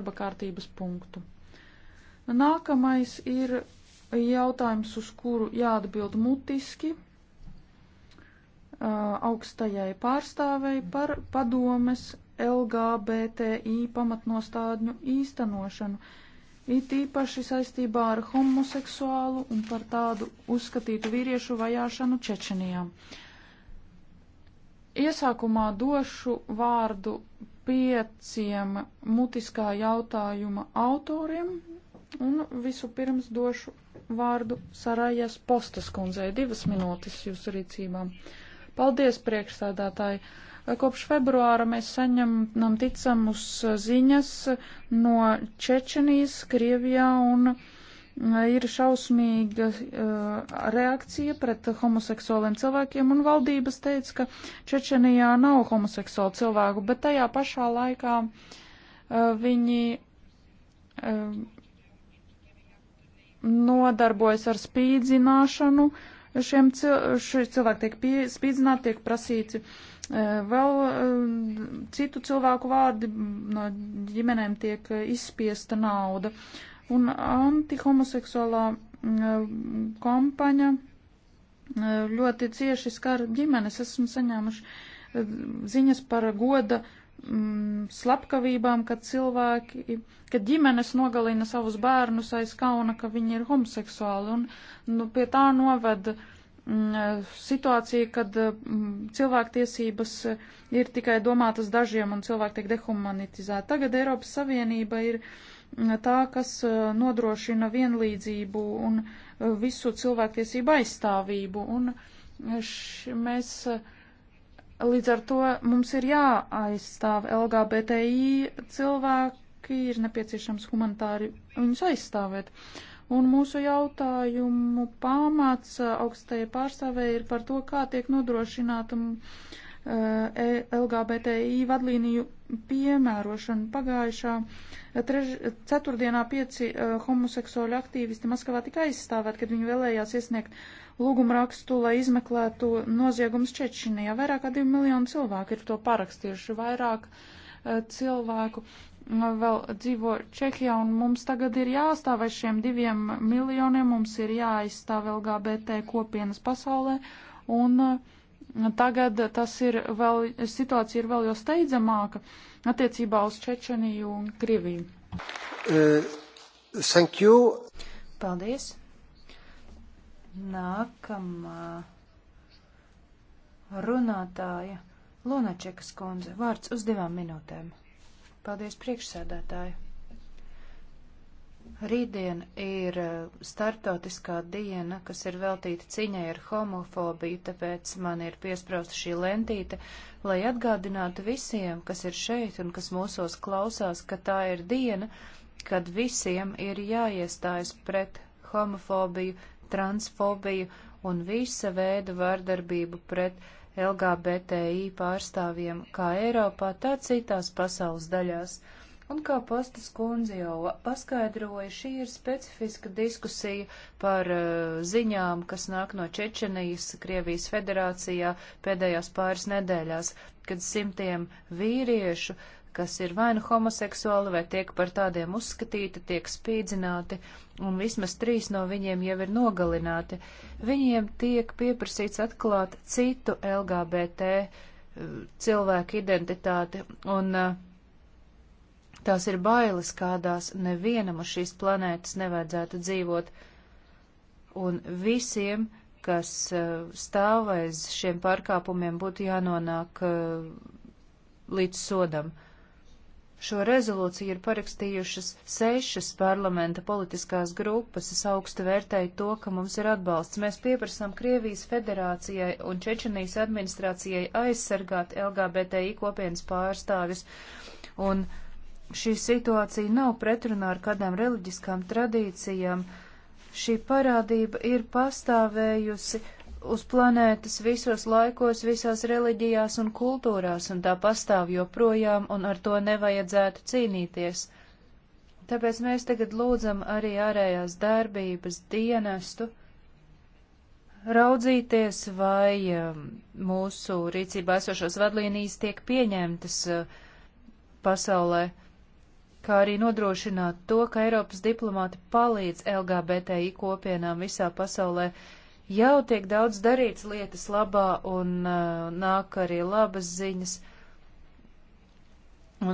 darba kārtības punktu. Nākamais ir jautājums, uz kuru jāatbild mutiski augstajai pārstāvei par padomes LGBTI pamatnostādņu īstenošanu, it īpaši saistībā ar homoseksuālu un par tādu uzskatītu vīriešu vajāšanu Čečenijā. Iesākumā došu vārdu pieciem mutiskā jautājuma autoriem, un visu pirms došu vārdu Sarajas Postas kundzei. Divas minūtes jūsu rīcībām. Paldies, priekšstādātāji! Kopš februāra mēs saņemam ticamus ziņas no Čečenijas, Krievijā un Krievijā ir šausmīga uh, reakcija pret homoseksuāliem cilvēkiem, un valdības teica, ka Čečenijā nav homoseksuālu cilvēku, bet tajā pašā laikā uh, viņi uh, nodarbojas ar spīdzināšanu. Šiem cil šie cilvēki tiek pie, spīdzināti, tiek prasīti uh, vēl uh, citu cilvēku vārdi, no ģimenēm tiek izspiesta nauda. Uh, Un antihomoseksuālā mm, kampaņa mm, ļoti cieši skar ģimenes. Esmu saņēmuši eh, ziņas par goda mm, slepkavībām, kad cilvēki, kad ģimenes nogalina savus bērnus aiz kauna, ka viņi ir homoseksuāli. Un, nu, pie tā noved m, situācija, kad cilvēktiesības ir tikai domātas dažiem un cilvēki tiek dehumanitizēti. Tagad Eiropas Savienība ir uh, tā, kas uh, nodrošina vienlīdzību un uh, visu cilvēktiesību aizstāvību. Un uh, š, mēs līdz ar to mums ir jāaizstāv LGBTI cilvēki, ir nepieciešams humanitāri viņus aizstāvēt. Un mūsu jautājumu pamats augstajai pārstāvēji ir par to, kā tiek nodrošināta Uh, LGBTI vadlīniju piemērošanu. Pagājušā uh, trež, ceturtdienā pieci uh, homoseksuāļu aktīvisti Maskavā tika aizstāvēti, kad viņi vēlējās iesniegt lūgumrakstu, lai izmeklētu noziegums Čečinijā. Vairāk kā divi miljoni cilvēku ir to parakstījuši, vairāk cilvēku vēl dzīvo Čehijā, un mums tagad ir jāstāv aiz šiem diviem miljoniem, mums ir jāaizstāv LGBT kopienas pasaulē, un uh, Tagad tas ir vēl, situācija ir vēl jau steidzamāka attiecībā uz Čečeniju un Krieviju. Uh, thank you. Paldies. Nākamā runātāja Lunačekas kundze. Vārds uz divām minūtēm. Paldies priekšsēdētāju. Rītdien ir eh, startautiskā diena, kas ir veltīta ciņai ar homofobiju, tāpēc man ir piesprausta šī lentīte, lai atgādinātu visiem, kas ir šeit un kas mūsos klausās, ka tā ir diena, kad visiem ir jāiestājas pret homofobiju, transfobiju un visa veida vardarbību pret LGBTI pārstāvjiem kā Eiropā, tā citās pasaules daļās. Un kā pastas kundze jau paskaidroja, šī ir specifiska diskusija par uh, ziņām, kas nāk no Čečenijas, Krievijas federācijā pēdējās pāris nedēļās, kad simtiem vīriešu, kas ir vai nu homoseksuāli, vai tiek par tādiem uzskatīti, tiek spīdzināti, un vismaz trīs no viņiem jau ir nogalināti. Viņiem tiek pieprasīts atklāt citu LGBT eh, cilvēku identitāti, un uh, Tās ir bailes, kādās nevienam uz šīs planētas nevajadzētu dzīvot, un visiem, kas eh, stāv aiz šiem pārkāpumiem, būtu jānonāk eh, līdz sodam. Šo rezolūciju ir parakstījušas sešas parlamenta politiskās grupas. Es augstu vērtēju to, ka mums ir atbalsts. Mēs pieprasām Krievijas federācijai un Čečenijas administrācijai aizsargāt LGBTI kopienas pārstāvis un uh, šī situācija nav pretrunā ar kādām reliģiskām tradīcijām. Šī parādība ir pastāvējusi uz planētas visos laikos, visās reliģijās un kultūrās, un tā pastāv joprojām, un ar to nevajadzētu cīnīties. Tāpēc mēs tagad lūdzam arī ārējās darbības dienestu raudzīties, vai um, mūsu rīcībā esošos vadlīnijas tiek pieņemtas uh, pasaulē kā arī nodrošināt to, ka Eiropas diplomāti palīdz LGBTI kopienām visā pasaulē. Jau tiek daudz darīts lietas labā un uh, nāk arī labas ziņas.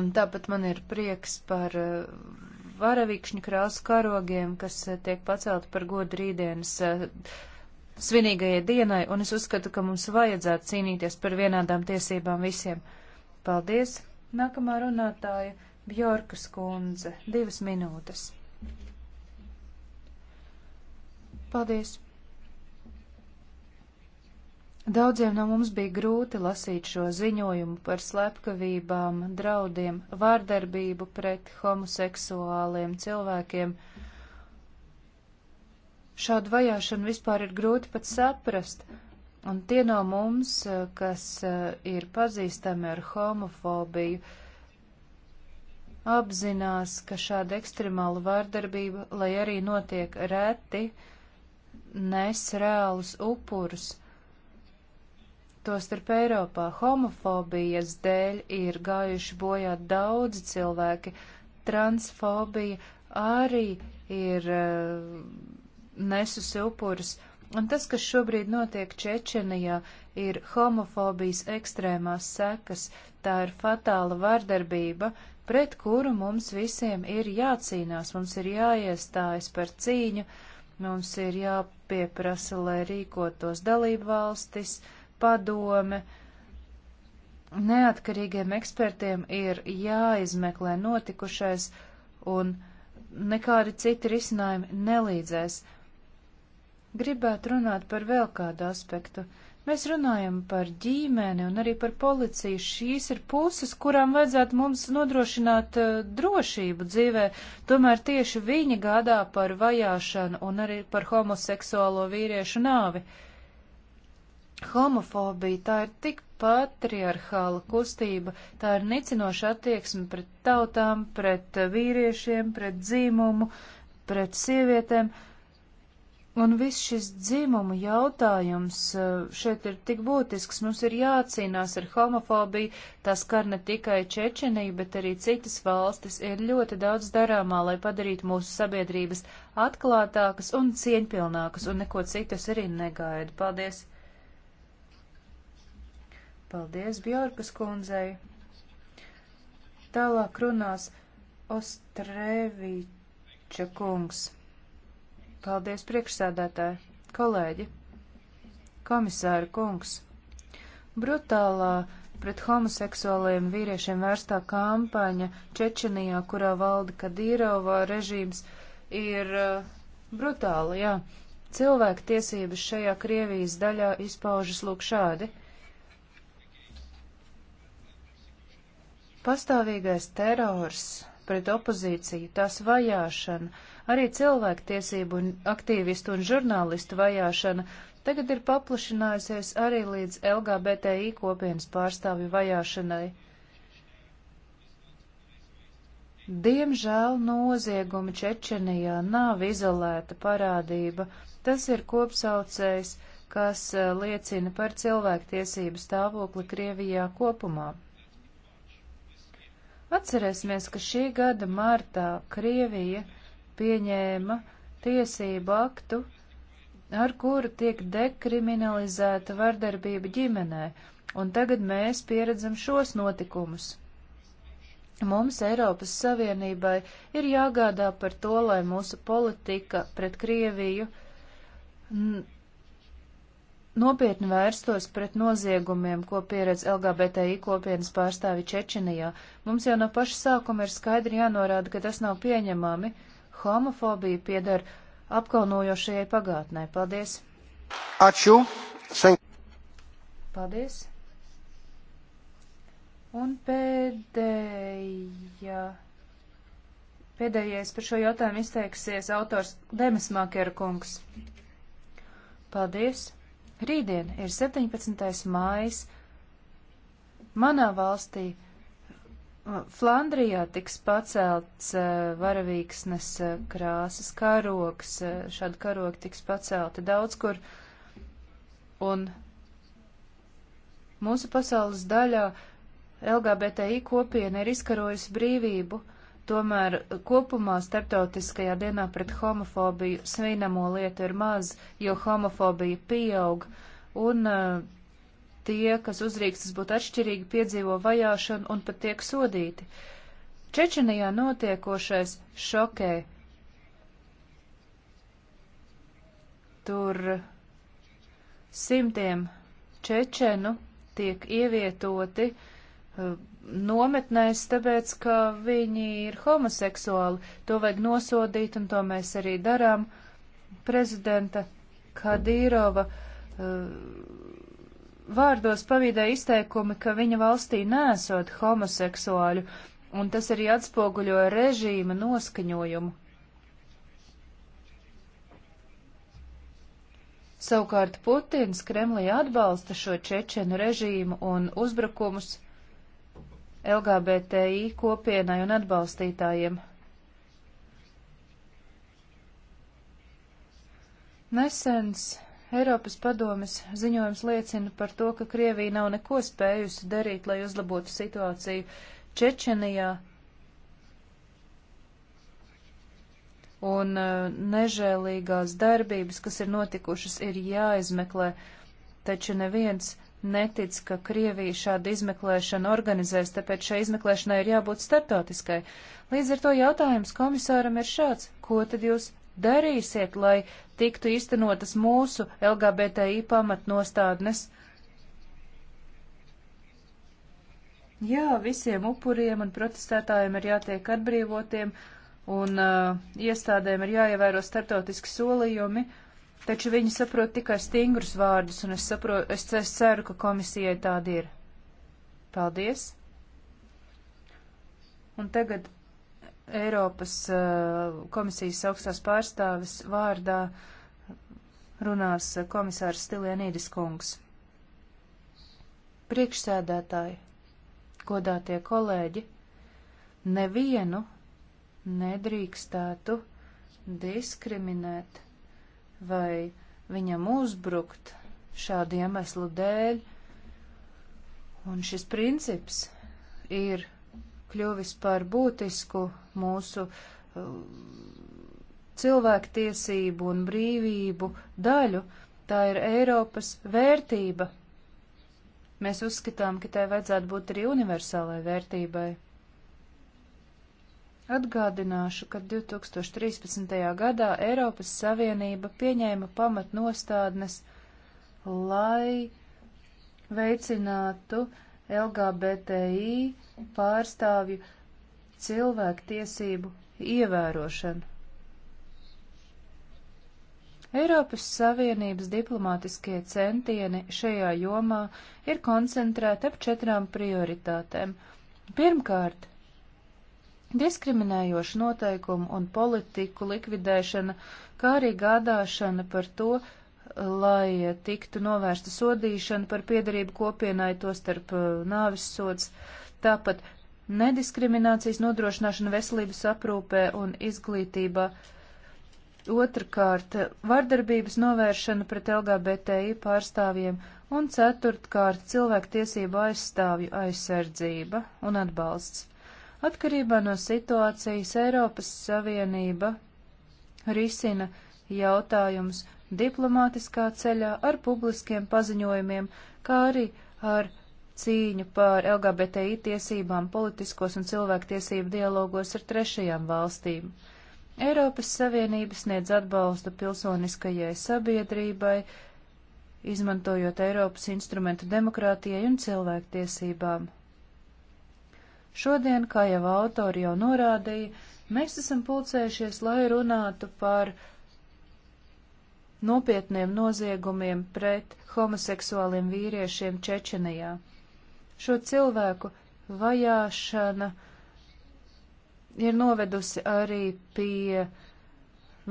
Un tāpat man ir prieks par uh, varavīkšņu krāsu karogiem, kas uh, tiek pacelti par godu rītdienas uh, svinīgajai dienai, un es uzskatu, ka mums vajadzētu cīnīties par vienādām tiesībām visiem. Paldies! Nākamā runātāja Bjorkas kundze, divas minūtes. Paldies! Daudziem no mums bija grūti lasīt šo ziņojumu par slepkavībām, draudiem, vārdarbību pret homoseksuāliem cilvēkiem. Šādu vajāšanu vispār ir grūti pat saprast, un tie no mums, kas eh, ir pazīstami ar homofobiju, uh, apzinās, ka šāda ekstremāla vārdarbība, lai arī notiek reti, nes reālus upurus. Tostarp Eiropā homofobijas dēļ ir gājuši bojā daudzi cilvēki, transfobija arī ir uh, nesusi upurus. Un tas, kas šobrīd notiek Čečenijā, ir homofobijas ekstrēmās sekas, tā ir fatāla vardarbība, pret kuru mums visiem ir jācīnās, mums ir jāiestājas par cīņu, mums ir jāpieprasa, lai rīkotos dalību valstis, padome, neatkarīgiem ekspertiem ir jāizmeklē notikušais, un nekādi citi risinājumi nelīdzēs. Gribētu runāt par vēl kādu aspektu. Mēs runājam par ģimeni un arī par policiju. Šīs ir puses, kurām vajadzētu mums nodrošināt uh, drošību dzīvē. Tomēr tieši viņi gādā par vajāšanu un arī par homoseksuālo vīriešu nāvi. Homofobija tā ir tik patriarchāla kustība, tā ir nicinoša attieksme pret tautām, pret vīriešiem, pret dzīmumu, pret sievietēm. Uh, Un viss šis dzimumu jautājums eh, šeit ir tik būtisks. Mums ir jācīnās ar homofobiju, tas skar ne tikai Čečeniju, bet arī citas valstis. Ir ļoti daudz darāmā, lai padarītu mūsu sabiedrības atklātākas un cieņpilnākas, un neko citu es arī negaidu. Paldies! Paldies Bjorkas kundzei! Tālāk runās Ostrēviča kungs. Paldies, priekšsēdētāji, kolēģi, komisāra kungs. Brutālā pret homoseksuāliem vīriešiem vērstā kampaņa Čečenijā, kurā valda Kadīrova režīms, ir uh, brutāla, jā. Cilvēku tiesības šajā Krievijas daļā izpaužas lūk šādi. Pastāvīgais terors pret opozīciju, tās vajāšana, Arī cilvēktiesību un aktīvistu un žurnālistu vajāšana tagad ir paplašinājusies arī līdz LGBTI kopienas pārstāvju vajāšanai. Diemžēl noziegumi Čečenijā nav izolēta parādība, tas ir kopsaucējs, kas e, liecina par cilvēktiesību stāvokli Krievijā kopumā. Atcerēsimies, ka šī gada martā Krievija pieņēma tiesību aktu, ar kuru tiek dekriminalizēta vardarbība ģimenē, un tagad mēs pieredzam šos notikumus. Mums Eiropas Savienībai ir jāgādā par to, lai mūsu politika pret Krieviju nopietni vērstos pret noziegumiem, ko pieredz LGBTI kopienas pārstāvi Čečenijā. Mums jau no paša sākuma ir skaidri jānorāda, ka tas nav pieņemami. Uh, homofobija piedara apkaunojošajai pagātnē. Paldies! Aču! Sen... Paldies! Un pēdējā, pēdējais par šo jautājumu izteiksies autors Demis Makera kungs. Paldies! Rītdien ir 17. mājas. Manā valstī Flandrijā tiks pacelts eh, varavīksnes eh, krāsas karoks, eh, šādi karogi tiks pacelti daudz kur, un mūsu pasaules daļā LGBTI kopiena ir izkarojusi brīvību, tomēr kopumā starptautiskajā dienā pret homofobiju svinamo lietu ir maz, jo homofobija pieaug, un uh, tie, kas uzrīkstas būt atšķirīgi, piedzīvo vajāšanu un pat tiek sodīti. Čečenijā notiekošais šokē. Tur simtiem čečenu tiek ievietoti eh, nometnēs, tāpēc, ka viņi ir homoseksuāli. To vajag nosodīt, un to mēs arī darām. Prezidenta Kadīrova uh, eh, vārdos pavīdē izteikumi, ka viņa valstī nesot homoseksuāļu, un tas arī atspoguļo režīma noskaņojumu. Savukārt Putins Kremlī atbalsta šo čečenu režīmu un uzbrukumus LGBTI kopienai un atbalstītājiem. Nesens Eiropas padomes ziņojums liecina par to, ka Krievija nav neko spējusi darīt, lai uzlabotu situāciju Čečenijā. Un eh, nežēlīgās darbības, kas ir notikušas, ir jāizmeklē, taču neviens netic, ka Krievija šādu izmeklēšanu organizēs, tāpēc šai izmeklēšanai ir jābūt startautiskai. Līdz ar to jautājums komisāram ir šāds, ko tad jūs darīsiet, lai tiktu īstenotas mūsu LGBTI pamatnostādnes? Jā, visiem upuriem un protestētājiem ir jātiek atbrīvotiem, un uh, iestādēm ir jāievēro startautiski solījumi, taču viņi saprot tikai stingrus vārdus, un es, saprotu, es, es ceru, ka komisijai tāda ir. Paldies! Un tagad Eiropas eh, komisijas augstās pārstāvis vārdā runās eh, komisārs Stilienīdis kungs. Priekšsēdētāji, godātie kolēģi, nevienu nedrīkstētu diskriminēt vai viņam uzbrukt šādu iemeslu dēļ, un šis princips ir kļuvis par būtisku mūsu uh, cilvēktiesību un brīvību daļu. Tā ir Eiropas vērtība. Mēs uzskatām, ka tai vajadzētu būt arī universālai vērtībai. Atgādināšu, ka 2013. gadā Eiropas Savienība pieņēma pamatnostādnes, lai veicinātu uh, LGBTI pārstāvju cilvēktiesību ievērošanu. Eiropas Savienības diplomātiskie centieni šajā jomā ir koncentrēti ap četrām prioritātēm. Pirmkārt, diskriminējošu noteikumu un politiku likvidēšana, kā arī gādāšana par to, lai tiktu novērsta sodīšana par piedarību kopienai, to starp uh, nāvis sods. Tāpat nediskriminācijas nodrošināšana veselības aprūpē un izglītībā. Otrakārt, vardarbības novēršana pret LGBTI pārstāvjiem un ceturtkārt, cilvēktiesību aizstāvju aizsardzība un atbalsts. Atkarībā no situācijas Eiropas Savienība risina jautājums diplomātiskā ceļā, ar publiskiem paziņojumiem, kā arī ar cīņu par LGBTI tiesībām politiskos un cilvēktiesību dialogos ar trešajām valstīm. Eiropas Savienība sniedz atbalstu pilsoniskajai sabiedrībai, izmantojot Eiropas instrumentu demokrātijai un cilvēktiesībām. Šodien, kā jau autori jau norādīja, mēs esam pulcējušies, lai runātu par nopietniem noziegumiem pret homoseksuāliem vīriešiem Čečenijā. Šo cilvēku vajāšana ir novedusi arī pie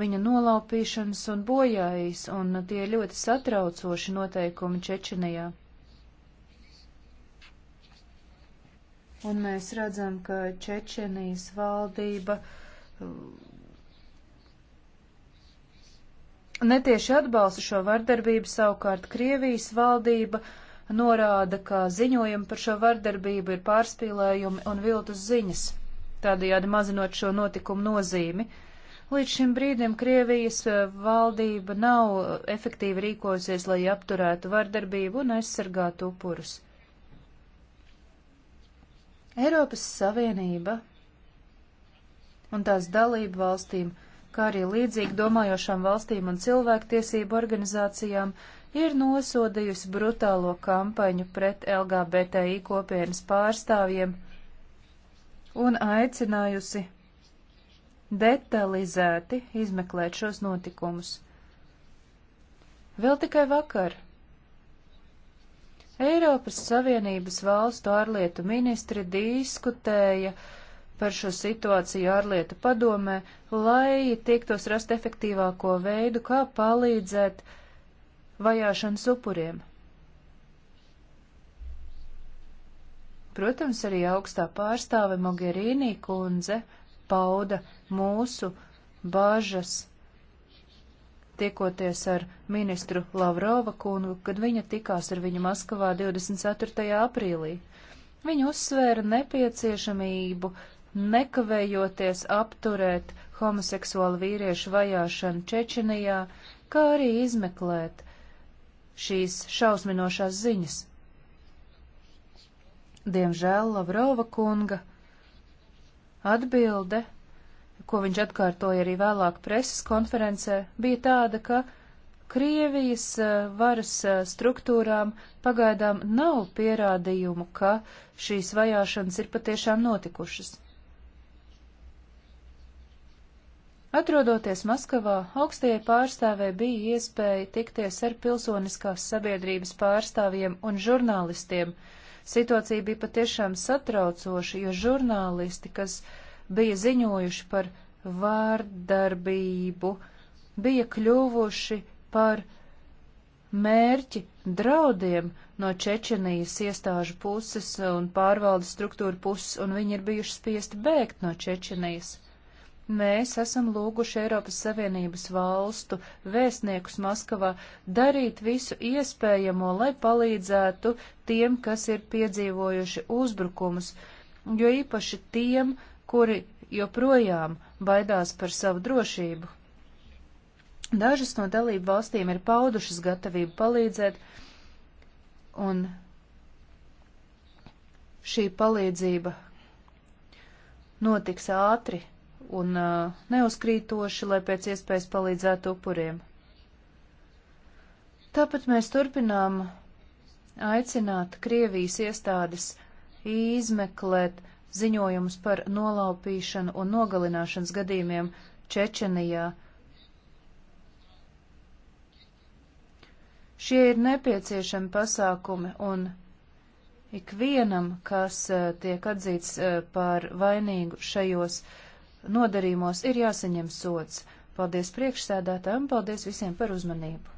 viņa nolaupīšanas un bojājas, un tie ir ļoti satraucoši noteikumi Čečenijā. Un mēs redzam, ka Čečenijas valdība Netieši atbalsta šo vardarbību savukārt Krievijas valdība norāda, ka ziņojumi par šo vardarbību ir pārspīlējumi un viltus ziņas, tādējādi mazinot šo notikumu nozīmi. Līdz šim brīdim Krievijas eh, valdība nav eh, efektīvi rīkojusies, lai apturētu vardarbību un aizsargātu upurus. Eiropas Savienība un tās dalību valstīm kā arī līdzīgi domājošām valstīm un cilvēktiesību organizācijām, ir nosodījusi brutālo kampaņu pret LGBTI kopienas pārstāvjiem un aicinājusi detalizēti izmeklēt šos notikumus. Vēl tikai vakar Eiropas Savienības valstu ārlietu ministri diskutēja uh, par šo situāciju ārlietu padomē, lai tiektos rast efektīvāko veidu, kā palīdzēt vajāšanas upuriem. Protams, arī augstā pārstāve Mogherīnī kundze pauda mūsu bāžas tiekoties ar ministru Lavrova kungu, kad viņa tikās ar viņu Maskavā 24. aprīlī. Viņa uzsvēra nepieciešamību nekavējoties apturēt homoseksuālu vīriešu vajāšanu Čečenijā, kā arī izmeklēt šīs šausminošās ziņas. Diemžēl Lavrova kunga atbilde, ko viņš atkārtoja arī vēlāk preses konferencē, bija tāda, ka Krievijas eh, varas eh, struktūrām pagaidām nav pierādījumu, ka šīs vajāšanas ir patiešām notikušas. Atrodoties Maskavā, augstajai pārstāvē bija iespēja tikties ar pilsoniskās sabiedrības pārstāvjiem un žurnālistiem. Situācija bija patiešām satraucoša, jo žurnālisti, kas bija ziņojuši par vārdarbību, bija kļuvuši par mērķi draudiem no Čečenijas iestāžu puses un pārvaldes struktūra puses, un viņi ir bijuši spiesti bēgt no Čečenijas. Mēs esam lūguši Eiropas Savienības valstu vēstniekus Maskavā darīt visu iespējamo, lai palīdzētu tiem, kas ir piedzīvojuši uzbrukumus, jo īpaši tiem, kuri joprojām baidās par savu drošību. Dažas no dalību valstīm ir paudušas gatavību palīdzēt, un šī palīdzība notiks ātri un uh, neuzkrītoši, lai pēc iespējas palīdzētu upuriem. Tāpat mēs turpinām aicināt Krievijas iestādes izmeklēt ziņojumus par nolaupīšanu un nogalināšanas gadījumiem Čečenijā. Šie ir nepieciešami pasākumi, un ikvienam, kas uh, tiek atzīts uh, par vainīgu šajos uh, nodarījumos ir jāsaņem sots. Paldies priekšsēdētājiem, paldies visiem par uzmanību.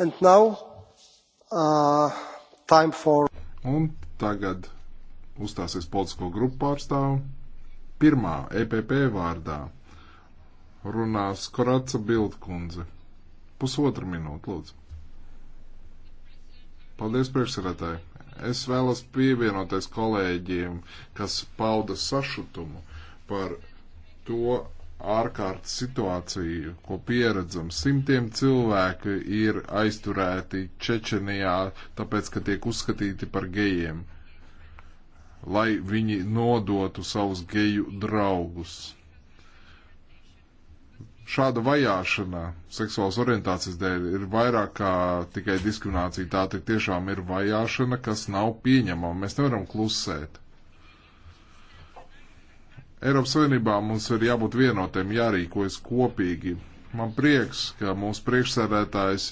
And now, uh, time for... Un tagad uzstāsies politisko grupu pārstāvu. Pirmā EPP vārdā runās Koraca Bildkundze. Pusotra minūte, lūdzu. Paldies priekšsarētāji. Es vēlos pievienoties kolēģiem, kas pauda sašutumu par to ārkārtas situāciju, ko pieredzam. Simtiem cilvēki ir aizturēti Čečenijā, tāpēc, ka tiek uzskatīti par gejiem, lai viņi nodotu savus geju draugus šāda vajāšana seksuālas orientācijas dēļ ir vairāk kā tikai diskriminācija. Tā tik tiešām ir vajāšana, kas nav pieņemama. Mēs nevaram klusēt. Eiropas Savienībā mums ir jābūt vienotiem, jārīkojas kopīgi. Man prieks, ka mūsu priekšsēdētājs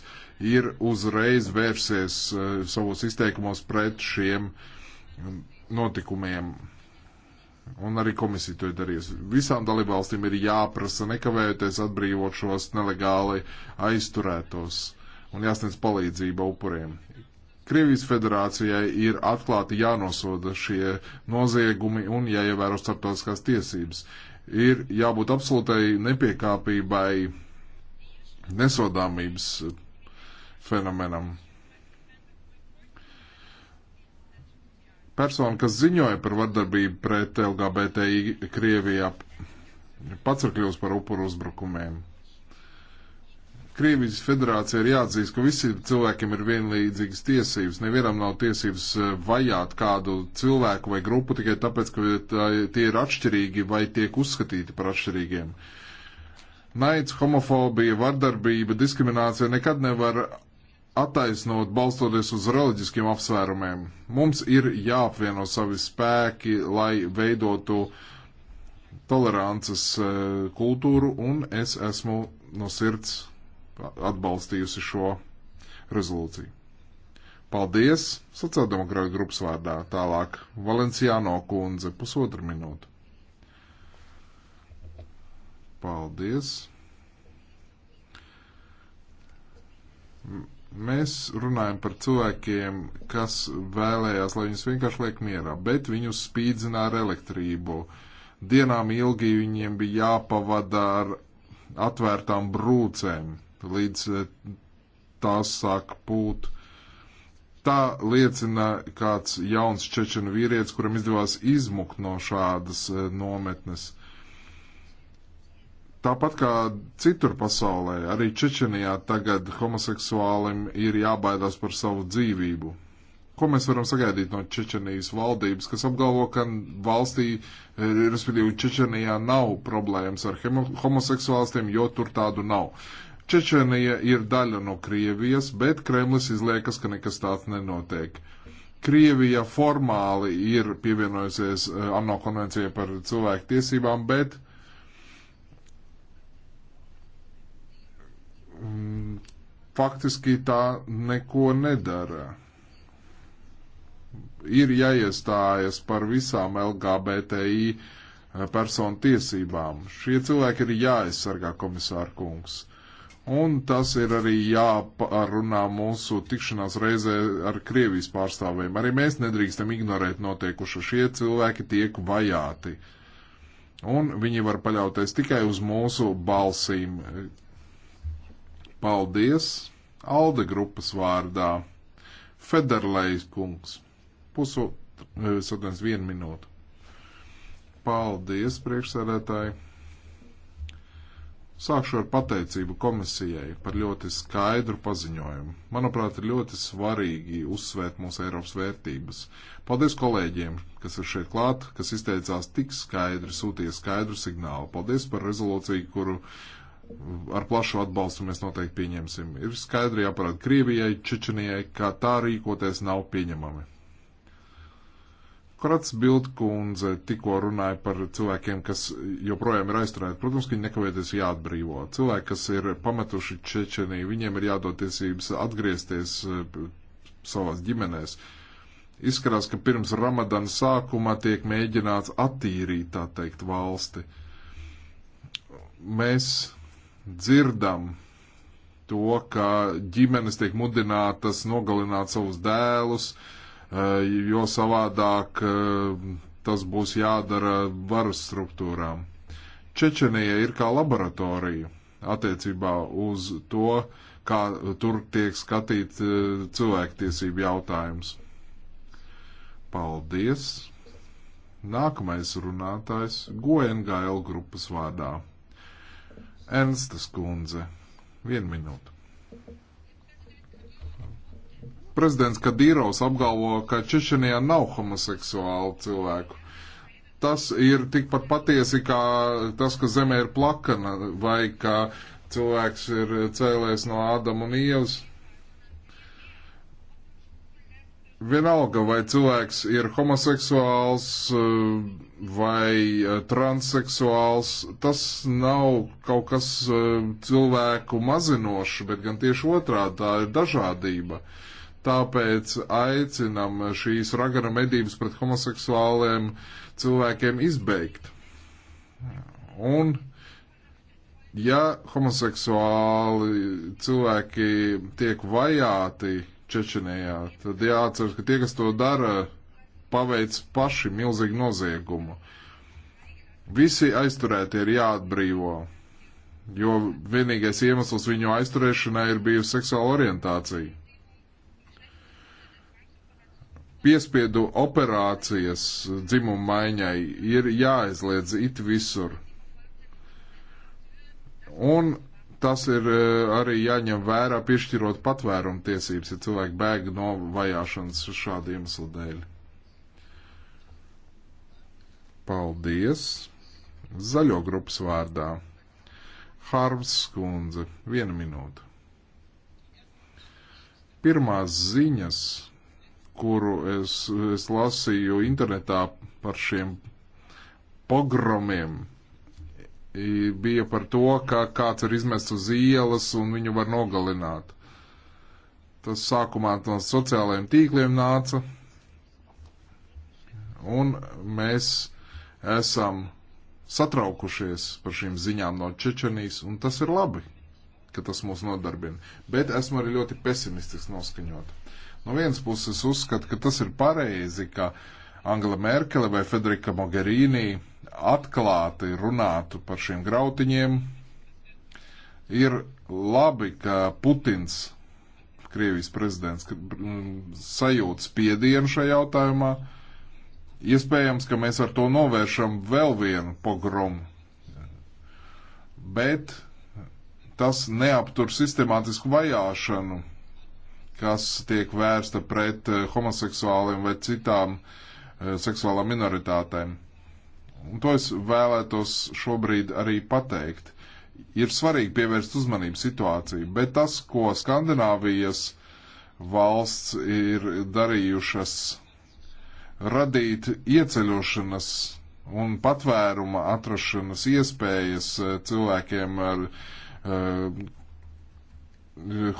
ir uzreiz vērsies eh, savos izteikumos pret šiem notikumiem un arī komisija to ir darījusi. Visām dalībvalstīm ir jāprasa nekavējoties atbrīvot šos nelegāli aizturētos un jāsniedz palīdzība upuriem. Krievijas federācijai ir atklāti jānosoda šie noziegumi un jāievēro starptautiskās tiesības. Ir jābūt absolūtai nepiekāpībai nesodāmības fenomenam. persona, kas ziņoja par vardarbību pret LGBTI Krievijā, pats ir kļuvis par upuru uzbrukumiem. Krievijas federācija ir jāatzīst, ka visiem cilvēkiem ir vienlīdzīgas tiesības. Nevienam nav tiesības eh, vajāt kādu cilvēku vai grupu tikai tāpēc, ka tie ir atšķirīgi vai tiek uzskatīti par atšķirīgiem. Naids, homofobija, vardarbība, diskriminācija nekad nevar attaisnot balstoties uz reliģiskiem apsvērumiem. Mums ir jāapvieno savi spēki, lai veidotu tolerances e, kultūru, un es esmu no sirds atbalstījusi šo rezolūciju. Paldies! Sociāldemokrāta grupas vārdā tālāk Valenciāno kundze pusotru minūtu. Paldies! M Mēs runājam par cilvēkiem, kas vēlējās, lai viņus vienkārši liek mierā, bet viņus spīdzināja ar elektrību. Dienām ilgi viņiem bija jāpavada ar atvērtām brūcēm, līdz eh, tās sāk pūt. Tā liecina kāds jauns čečenu vīrietis, kuram izdevās izmukt no šādas eh, nometnes Tāpat kā citur pasaulē, arī Čečenijā tagad homoseksuālim ir jābaidās par savu dzīvību. Ko mēs varam sagaidīt no Čečenijas valdības, kas apgalvo, ka valstī, eh, respektīvi Čečenijā nav problēmas ar homoseksuālistiem, jo tur tādu nav. Čečenija ir daļa no Krievijas, bet Kremlis izliekas, ka nekas tāds nenotiek. Krievija formāli ir pievienojusies eh, ANO konvencijai par cilvēku tiesībām, bet Mm, faktiski tā neko nedara. Ir jāiestājas par visām LGBTI eh, personu tiesībām. Šie cilvēki ir jāaizsargā, komisāra kungs. Un tas ir arī jāparunā mūsu tikšanās reizē ar Krievijas pārstāvjiem. Arī mēs nedrīkstam ignorēt notiekušo. Šie cilvēki tiek vajāti. Un viņi var paļauties tikai uz mūsu balsīm, Paldies! Alde grupas vārdā Federlejs kungs. Pusotru, eh, sadienas vienu minūtu. Paldies, priekšsēdētāji! Sākšu ar pateicību komisijai par ļoti skaidru paziņojumu. Manuprāt, ir ļoti svarīgi uzsvērt mūsu Eiropas vērtības. Paldies kolēģiem, kas ir šeit klāt, kas izteicās tik skaidri, sūtīja skaidru signālu. Paldies par rezolūciju, kuru uh, ar plašu atbalstu mēs noteikti pieņemsim. Ir skaidri jāparāda Krievijai, Čečenijai, kā tā rīkoties nav pieņemami. Krats Bildkundze tikko runāja par cilvēkiem, kas joprojām ir aizturēti. Protams, ka viņi nekavēties jāatbrīvo. Cilvēki, kas ir pametuši Čečeniju, viņiem ir jādod tiesības atgriezties eh, savās ģimenēs. Izskatās, ka pirms Ramadana sākuma tiek mēģināts attīrīt, tā teikt, valsti. Mēs dzirdam to, ka ģimenes tiek mudinātas nogalināt savus dēlus, e, jo savādāk e, tas būs jādara varas struktūrām. Čečenija ir kā laboratorija attiecībā uz to, kā tur tiek skatīt e, cilvēktiesību jautājums. Paldies! Nākamais runātājs Goengail grupas vārdā. Ernstas kundze, vienu minūtu. Prezidents Kadīrovs apgalvo, ka Čečenijā nav homoseksuālu cilvēku. Tas ir tikpat patiesi, kā tas, ka zeme ir plakana vai ka cilvēks ir cēlējis no Ādama un Ievas. Vienalga, vai cilvēks ir homoseksuāls eh, vai eh, transseksuāls, tas nav kaut kas eh, cilvēku mazinošs, bet gan tieši otrādi tā ir dažādība. Tāpēc aicinam šīs ragana medības pret homoseksuāliem cilvēkiem izbeigt. Un ja homoseksuāli cilvēki tiek vajāti Čečenijā, tad jāatceras, ka tie, kas to dara, paveic paši milzīgu noziegumu. Visi aizturētie ir jāatbrīvo, jo vienīgais iemesls viņu aizturēšanai ir bijusi seksuāla orientācija. Piespiedu operācijas dzimumu maiņai ir jāaizliedz it visur. Un tas ir eh, arī jāņem vērā, piešķirot patvērumu tiesības, ja cilvēki bēg no vajāšanas šādu iemeslu dēļ. Paldies! Zaļo grupas vārdā. Harvs Skundze, viena minūte. Pirmās ziņas, kuru es, es lasīju internetā par šiem pogromiem, bija par to, ka kāds ir izmests uz ielas un viņu var nogalināt. Tas sākumā no sociālajiem tīkliem nāca, un mēs esam satraukušies par šīm ziņām no Čečenijas, un tas ir labi, ka tas mūs nodarbina. Bet esmu arī ļoti pesimistisks noskaņot. No vienas puses uzskatu, ka tas ir pareizi, ka uh, Angela Merkele vai Federika Mogherini atklāti runātu par šiem grautiņiem. Ir labi, ka Putins, Krievijas prezidents, mm, sajūt spiedienu šajā jautājumā. Iespējams, ka mēs ar to novēršam vēl vienu pogromu. Bet tas neaptur sistemātisku vajāšanu, kas tiek vērsta pret eh, homoseksuāliem vai citām uh, Eh, seksuālām minoritātēm. Un to es vēlētos šobrīd arī pateikt. Ir svarīgi pievērst uzmanību situāciju, bet tas, ko Skandināvijas valsts ir darījušas, radīt ieceļošanas un patvēruma atrašanas iespējas eh, cilvēkiem ar uh,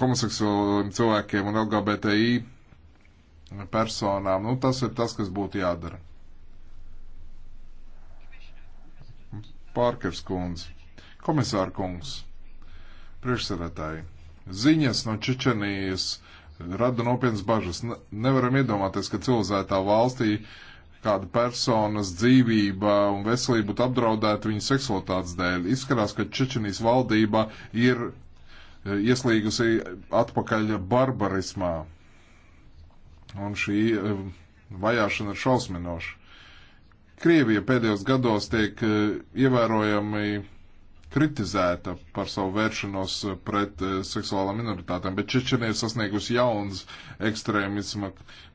homoseksuāliem cilvēkiem un LGBTI personām. Nu, tas ir tas, kas būtu jādara. Pārkers kundze, komisāra kungs, priekšsēdētāji, ziņas no Čečenijas rada nopietnas bažas. Ne, nevaram iedomāties, ka civilizētā valstī kāda personas dzīvība un veselība būtu apdraudēta viņa seksualitātes dēļ. Izskatās, ka Čečenijas valdība ir e, ieslīgusi atpakaļ barbarismā Un šī eh, vajāšana ir šausminoša. Krievija pēdējos gados tiek eh, ievērojami kritizēta par savu vēršanos eh, pret seksuālām minoritātēm, bet Čečenija ir sasniegusi jauns ekstrēmisma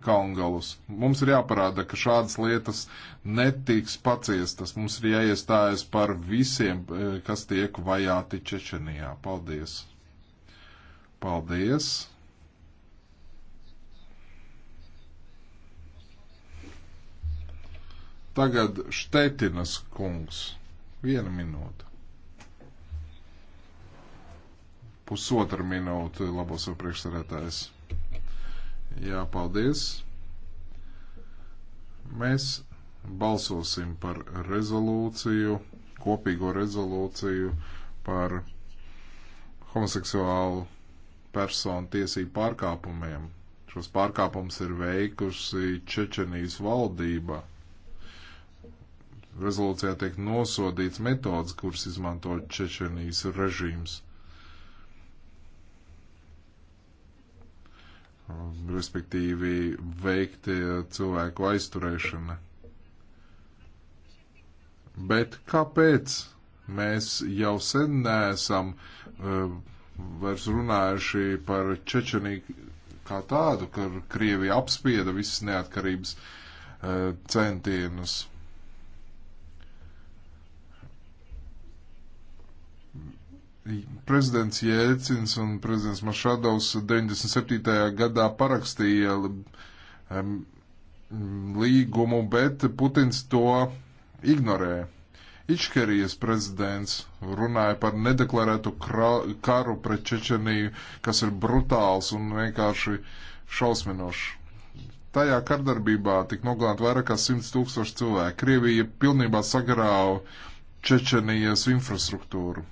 kalngalus. Mums ir jāparāda, ka šādas lietas netiks paciestas. Mums ir jāiestājas par visiem, kas tiek vajāti Čečenijā. Paldies! Paldies! Tagad Štetinas kungs. Viena minūte. Pusotra minūte, labos jau priekšsarētājs. Jā, paldies. Mēs balsosim par rezolūciju, kopīgo rezolūciju par homoseksuālu personu tiesību pārkāpumiem. Šos pārkāpumus ir veikusi Čečenijas valdība rezolūcijā tiek nosodīts metodas, kuras izmanto Čečenijas režīms. Respektīvi veikti eh, cilvēku aizturēšana. Bet kāpēc mēs jau sen neesam uh, vairs runājuši par Čečeniju kā tādu, ka Krievija apspieda visas neatkarības uh, centienus? prezidents Jēcins un prezidents Mašadovs 97. gadā parakstīja um, līgumu, bet Putins to ignorē. Ičkerijas prezidents runāja par nedeklarētu karu pret Čečeniju, kas ir brutāls un vienkārši šausminošs. Tajā kardarbībā tika nogalināti vairāk kā 100 tūkstoši cilvēku. Krievija pilnībā sagrāva Čečenijas infrastruktūru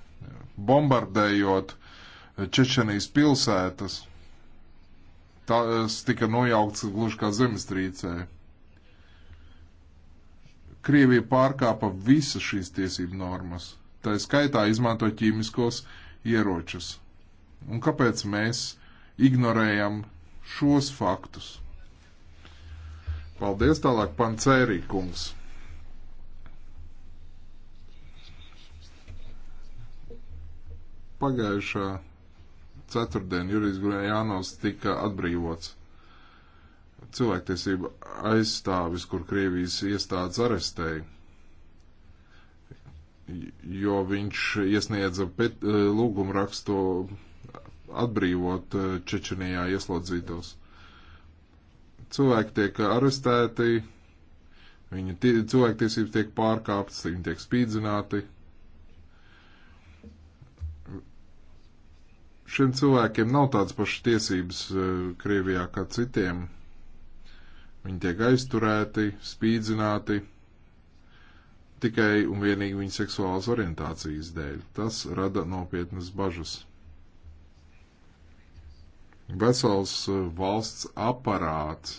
bombardējot Čečenijas pilsētas. Tas tika nojaukts gluži kā zemestrīcē. Krievija pārkāpa visas šīs tiesību normas, tā skaitā izmanto ķīmiskos ieročus. Un kāpēc mēs ignorējam šos faktus? Paldies tālāk, Pancērī kungs! pagājušā ceturtdien Jurijs Gurējānos tika atbrīvots cilvēktiesība aizstāvis, kur Krievijas iestādes arestēja, jo viņš iesniedza pet, lūgumu rakstu atbrīvot eh, Čečenijā ieslodzītos. Cilvēki tiek arestēti, viņu cilvēktiesības tiek pārkāptas, viņi tiek spīdzināti, šiem cilvēkiem nav tādas pašas tiesības eh, Krievijā kā citiem. Viņi tiek aizturēti, spīdzināti tikai un vienīgi viņa seksuālas orientācijas dēļ. Tas rada nopietnas bažas. Vesels eh, valsts aparāts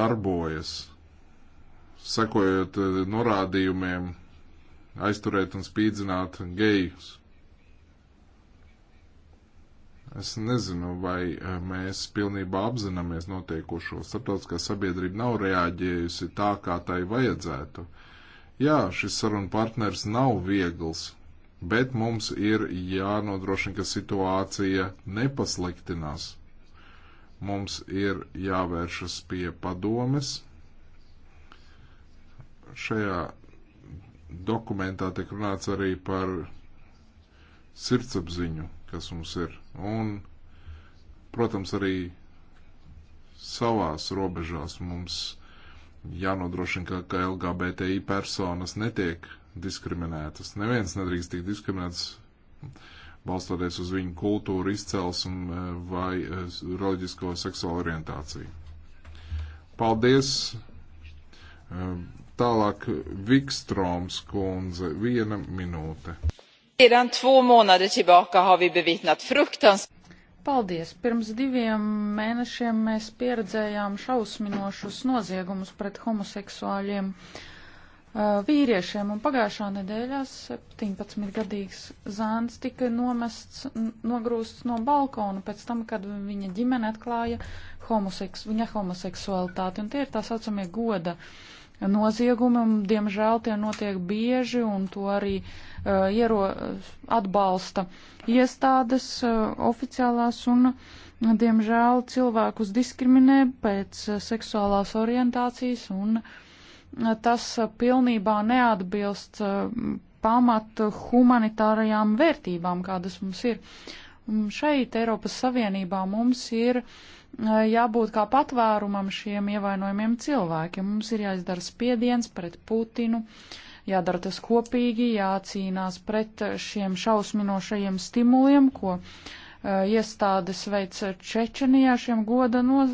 darbojas, sekojot eh, norādījumiem aizturēt un spīdzināt gejus. Es nezinu, vai eh, mēs pilnībā apzināmies notiekošo. Starptautiskā sabiedrība nav reaģējusi tā, kā tai vajadzētu. Jā, šis sarunu partners nav viegls, bet mums ir jānodrošina, ka situācija nepasliktinās. Mums ir jāvēršas pie padomes. Šajā dokumentā tiek runāts arī par sirdsapziņu, kas mums ir. Un, protams, arī savās robežās mums jānodrošina, ka, ka LGBTI personas netiek diskriminētas. Neviens nedrīkst tikt diskriminēts balstoties uz viņu kultūru, izcelsmu eh, vai eh, reliģisko seksuālu orientāciju. Paldies! Eh, tālāk Vikstroms kundze, viena minūte. Sedan två månader tillbaka har vi bevittnat fruktansvärt. Paldies! Pirms diviem mēnešiem mēs pieredzējām šausminošus noziegumus pret homoseksuāļiem uh, vīriešiem, un pagājušā nedēļā 17-gadīgs zēns tika nomests, nogrūsts no balkona pēc tam, kad viņa ģimene atklāja homoseks, viņa homoseksualitāti, un tie ir tā saucamie goda uh, noziegumi, un diemžēl tie notiek bieži, un to arī uh, iero, atbalsta iestādes uh, oficiālās, un diemžēl cilvēkus diskriminē pēc uh, seksuālās orientācijas, un uh, tas uh, pilnībā neatbilst uh, pamat humanitārajām vērtībām, kādas mums ir. Un mm, šeit Eiropas Savienībā mums ir uh, jābūt kā patvērumam šiem ievainojumiem cilvēkiem. Mums ir jāizdara spiediens pret Putinu, jādara tas kopīgi, jācīnās pret šiem šausminošajiem stimuliem, ko uh, iestādes veic Čečenijā šiem goda no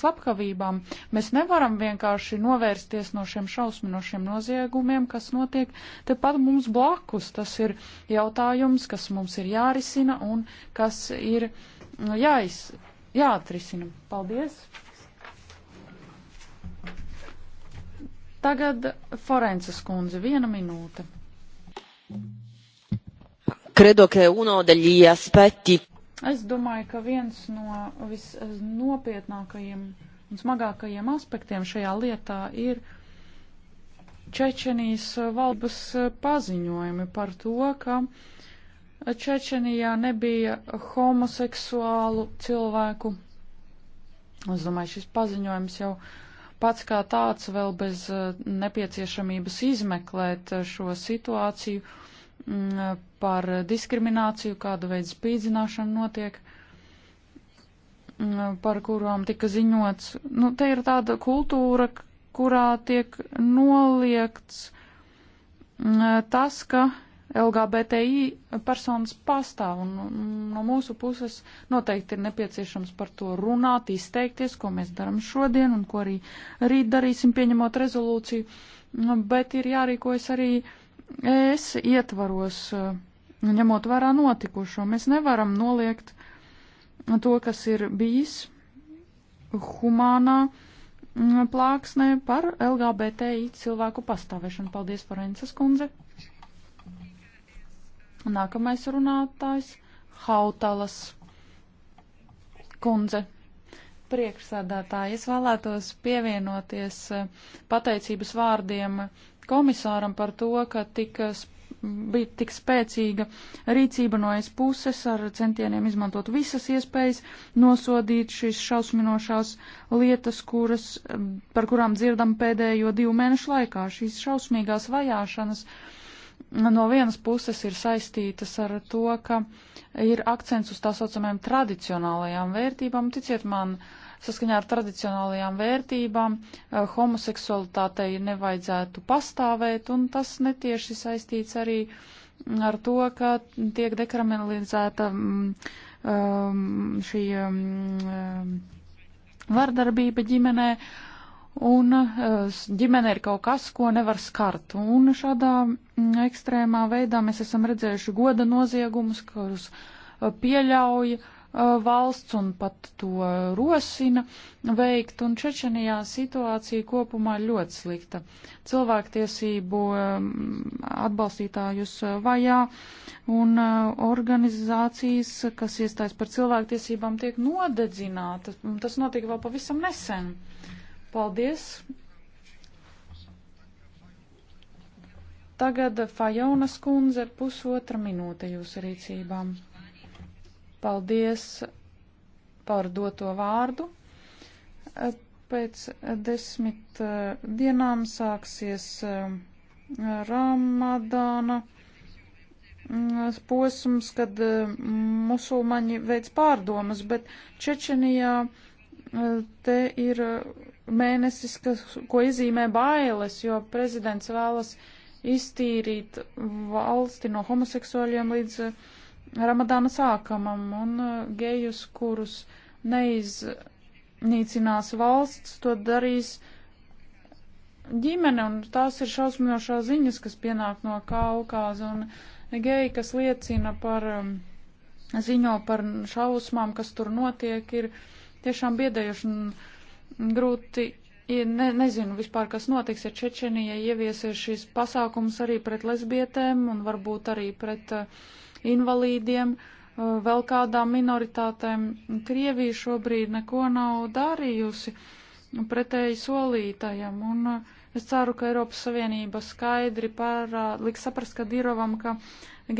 slepkavībām. Mēs nevaram vienkārši novērsties no šiem šausminošiem noziegumiem, kas notiek tepat mums blakus. Tas ir jautājums, kas mums ir jārisina un kas ir uh, Nu, jāiz, jāatrisina. Paldies! Tagad Forences kundze, viena minūte. Credo che uno degli aspetti. Es domāju, ka viens no visnopietnākajiem un smagākajiem aspektiem šajā lietā ir Čečenijas valdības paziņojumi par to, ka uh, Čečenijā nebija homoseksuālu cilvēku. Es domāju, šis paziņojums jau pats kā tāds vēl bez eh, nepieciešamības izmeklēt eh, šo situāciju mm, eh, par diskrimināciju, kāda veida spīdzināšana notiek mm, par kurām tika ziņots. Nu, te ir tāda kultūra, kurā tiek noliegts mm, tas, ka LGBTI personas pastāv, un no mūsu puses noteikti ir nepieciešams par to runāt, izteikties, ko mēs darām šodien un ko arī rīt darīsim, pieņemot rezolūciju, bet ir jārīkojas arī es ietvaros, ņemot vērā notikušo. Mēs nevaram noliegt to, kas ir bijis humānā plāksnē par LGBTI cilvēku pastāvēšanu. Paldies, Forences kundze! Nākamais runātājs - Hautalas kundze. Priekšsēdētāji, es vēlētos pievienoties eh, pateicības vārdiem komisāram par to, ka tika bija tik spēcīga rīcība no es puses ar centieniem izmantot visas iespējas, nosodīt šīs šausminošās lietas, kuras, par kurām dzirdam pēdējo divu mēnešu laikā. Šīs šausmīgās vajāšanas uh, no vienas puses ir saistītas ar to, ka ir akcents uz tā saucamajām tradicionālajām vērtībām. Ticiet man, saskaņā ar tradicionālajām vērtībām eh, homoseksualitātei nevajadzētu pastāvēt, un tas netieši saistīts arī ar to, ka tiek dekriminalizēta um, šī um, vardarbība ģimenē. Uh, un eh, ģimene ir kaut kas, ko nevar skart. Un šādā mm, ekstrēmā veidā mēs esam redzējuši goda noziegumus, kurus eh, pieļauj eh, valsts un pat to rosina veikt, un Čečenijā situācija kopumā ļoti slikta. Cilvēktiesību mm, atbalstītājus vajā, un organizācijas, kas iestājas par cilvēktiesībām, tiek nodedzinātas, un tas notika vēl pavisam nesen. Uh, Paldies! Tagad Fajonas kundze ir pusotra minūte jūsu rīcībām. Paldies par doto vārdu. Pēc desmit eh, dienām sāksies eh, Ramadāna mm, posms, kad eh, musulmaņi veids pārdomas, bet Čečenijā te ir mēnesis, kas, ko iezīmē bailes, jo prezidents vēlas iztīrīt valsti no homoseksuāļiem līdz eh, Ramadāna sākamam un eh, gejus, kurus neiznīcinās valsts, to darīs ģimene, un tās ir šausminošās ziņas, kas pienāk no Kaukāza, un geji, kas liecina par, eh, ziņo par šausmām, kas tur notiek, ir tiešām biedējuši. Un, grūti Ja ne, nezinu vispār, kas notiks, ja Čečenija ieviesies šīs pasākums arī pret lesbietēm un varbūt arī pret uh, invalīdiem, uh, vēl kādām minoritātēm. Krievija šobrīd neko nav darījusi pretēji solītajam, un uh, es ceru, ka Eiropas Savienība skaidri pārā, liks saprast, ka Dirovam, ka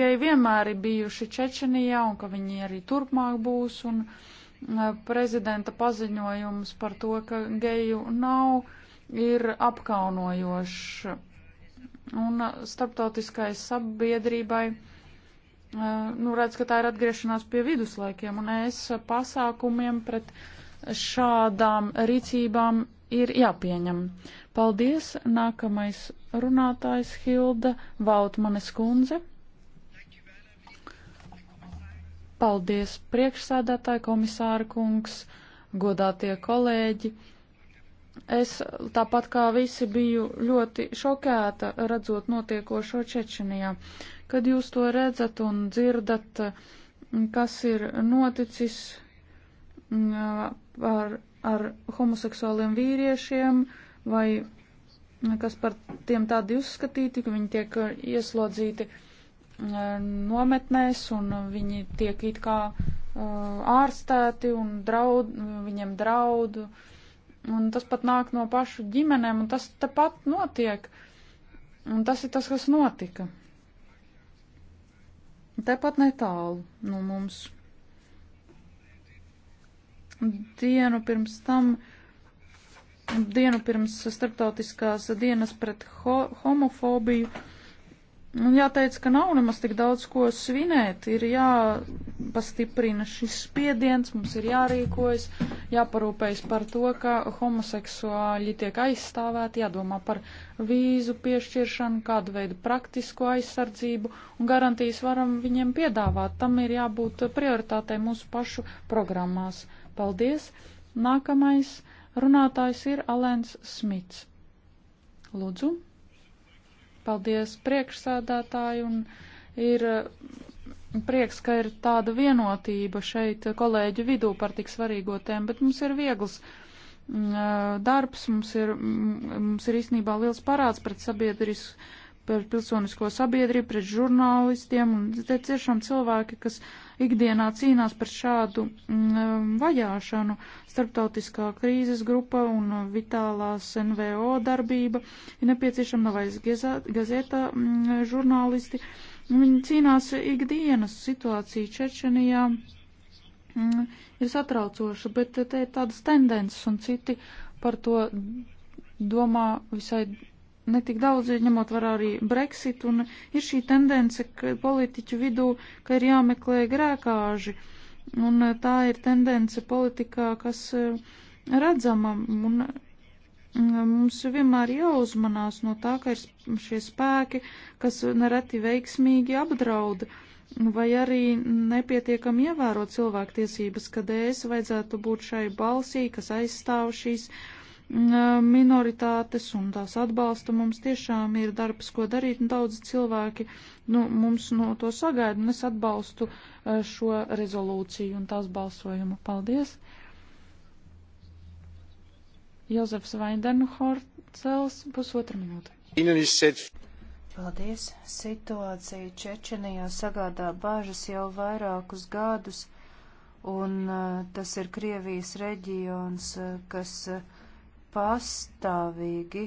geji vienmēr ir bijuši Čečenijā un ka viņi arī turpmāk būs. Un, uh, prezidenta paziņojums par to, ka geju nav, ir apkaunojošs. Un starptautiskai sabiedrībai, nu, redz, ka tā ir atgriešanās pie viduslaikiem, un es pasākumiem pret šādām rīcībām ir jāpieņem. Paldies, nākamais runātājs Hilda Vautmanes kundze. Paldies, priekšsēdētāji, komisāra kungs, godātie kolēģi. Es tāpat kā visi biju ļoti šokēta redzot notiekošo Čečenijā. Kad jūs to redzat un dzirdat, kas ir noticis ar, ar homoseksuāliem vīriešiem vai kas par tiem tādi uzskatīti, ka viņi tiek ieslodzīti nometnēs un viņi tiek it kā uh, ārstēti un draud, viņiem draudu. Un tas pat nāk no pašu ģimenēm, un tas tepat notiek. Un tas ir tas, kas notika. Tepat netālu no nu, mums. Dienu pirms tam, dienu pirms starptautiskās dienas pret ho homofobiju Un jāteic, ka nav nemaz tik daudz ko svinēt, ir jāpastiprina šis spiediens, mums ir jārīkojas, jāparūpējas par to, ka homoseksuāļi tiek aizstāvēti, jādomā par vīzu piešķiršanu, kādu veidu praktisko aizsardzību un garantijas varam viņiem piedāvāt. Tam ir jābūt prioritātei mūsu pašu programmās. Paldies! Nākamais runātājs ir Alēns Smits. Lūdzu! Paldies priekšsēdētāji un ir uh, prieks, ka ir tāda vienotība šeit kolēģu vidū par tik svarīgo tēmu, bet mums ir viegls mm, uh, darbs, mums ir, mm, mums ir īstenībā liels parāds pret sabiedrisku par pilsonisko sabiedrību, pret žurnālistiem, un te tiešām cilvēki, kas ikdienā cīnās par šādu mm, vajāšanu, starptautiskā krīzes grupa un vitālās NVO darbība, ir nepieciešama Navais gazeta mm, žurnālisti. Viņi cīnās ikdienas situāciju Čečenijā. Mm, ir satraucoša, bet te ir tādas tendences un citi par to domā visai netik daudz, ņemot vērā arī Brexit, un ir šī tendence politiķu vidū, ka ir jāmeklē grēkāži, un eh, tā ir tendence politikā, kas eh, redzama, un mm, mums vienmēr jāuzmanās no tā, ka ir šie spēki, kas nereti veiksmīgi apdrauda vai arī nepietiekami ievēro cilvēktiesības, kad es vajadzētu būt šai balsī, kas aizstāv šīs uh, minoritātes un tās atbalsta mums tiešām ir darbs, ko darīt, un daudz cilvēki nu, mums no to sagaida, un es atbalstu šo rezolūciju un tās balsojumu. Paldies! Jozefs Vaidenhorcels, pusotra minūte. Paldies! Situācija Čečenijā sagādā bāžas jau vairākus gadus, un uh, tas ir Krievijas reģions, uh, kas uh, pastāvīgi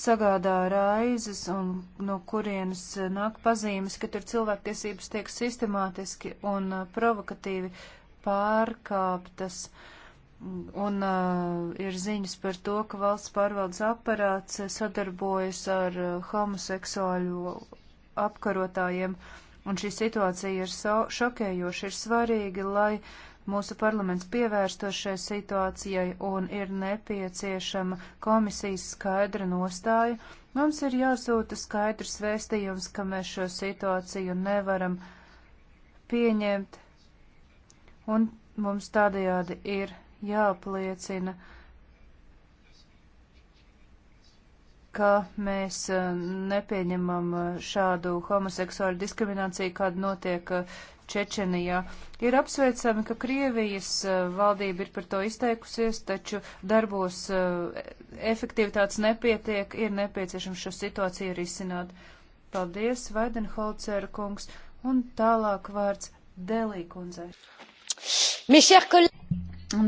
sagādā raizes un no kurienes nāk pazīmes, ka tur cilvēktiesības tiek sistemātiski un uh, provokatīvi pārkāptas. Un uh, ir ziņas par to, ka valsts pārvaldes aparāts uh, sadarbojas ar uh, homoseksuāļu apkarotājiem, un šī situācija ir so šokējoša. Ir svarīgi, lai uh, Mūsu parlaments pievērstos šai situācijai un ir nepieciešama komisijas skaidra nostāja. Mums ir jāsūta skaidrs vēstījums, ka mēs šo situāciju nevaram pieņemt, un mums tādajādi ir jāapliecina, ka mēs eh, nepieņemam eh, šādu homoseksuālu diskrimināciju, kāda notiek eh, Čečenijā. Ir apsveicami, ka Krievijas eh, valdība ir par to izteikusies, taču darbos eh, efektivitātes nepietiek, ir nepieciešams šo situāciju risināt. Paldies, Vaidenholcer kungs, un tālāk vārds Delī kundzei.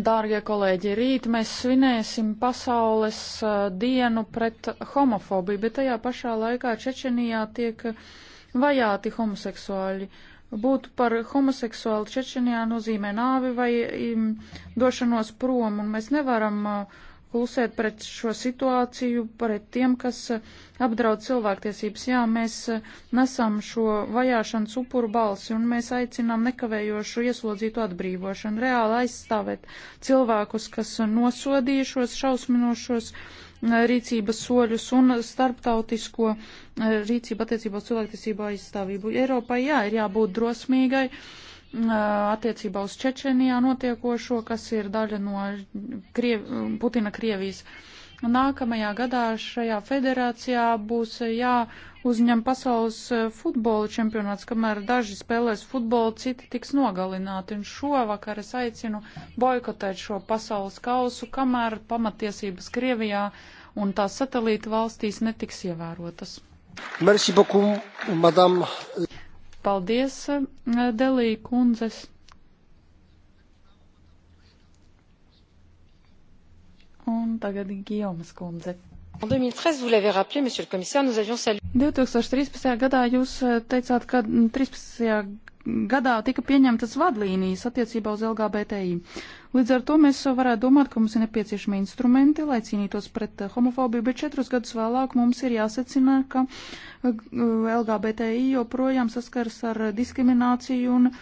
Dārgie kolēģi, rīt mēs svinēsim pasaules eh, dienu pret homofobiju, bet tajā pašā laikā Čečenijā tiek vajāti homoseksuāļi. Uh, būtu par homoseksuālu Čečenijā nozīmē nāvi vai došanos prom, un mēs nevaram uh, klusēt pret šo situāciju, pret tiem, kas uh, apdraud cilvēktiesības. Jā, mēs uh, nesam šo vajāšanas upuru balsi, un mēs aicinām nekavējošu ieslodzītu atbrīvošanu, reāli aizstāvēt cilvēkus, kas nosodījušos šausminošos. Uh, Eh, rīcības soļus un starptautisko eh, rīcību attiecībā uz cilvēktiesību aizstāvību. Eiropai jā, ir jābūt drosmīgai eh, attiecībā uz Čečenijā notiekošo, kas ir daļa no Kriev, Putina Krievijas Nākamajā gadā šajā federācijā būs eh, jāuzņem pasaules eh, futbola čempionāts, kamēr daži spēlēs futbolu, citi tiks nogalināti. Un šovakar es aicinu boikotēt šo pasaules kausu, kamēr pamatiesības Krievijā un tās satelīta valstīs netiks ievērotas. Merci beaucoup, madame. Paldies, eh, Delī kundzes. Un tagad Gijomas kundze. 2013. gadā jūs eh, teicāt, ka 13. Mm, gadā tika pieņemtas vadlīnijas attiecībā uz LGBTI. Līdz ar to mēs varētu domāt, ka mums ir nepieciešami instrumenti, lai cīnītos pret eh, homofobiju, bet četrus gadus vēlāk mums ir jāsacina, ka eh, LGBTI joprojām saskars ar diskrimināciju un uh,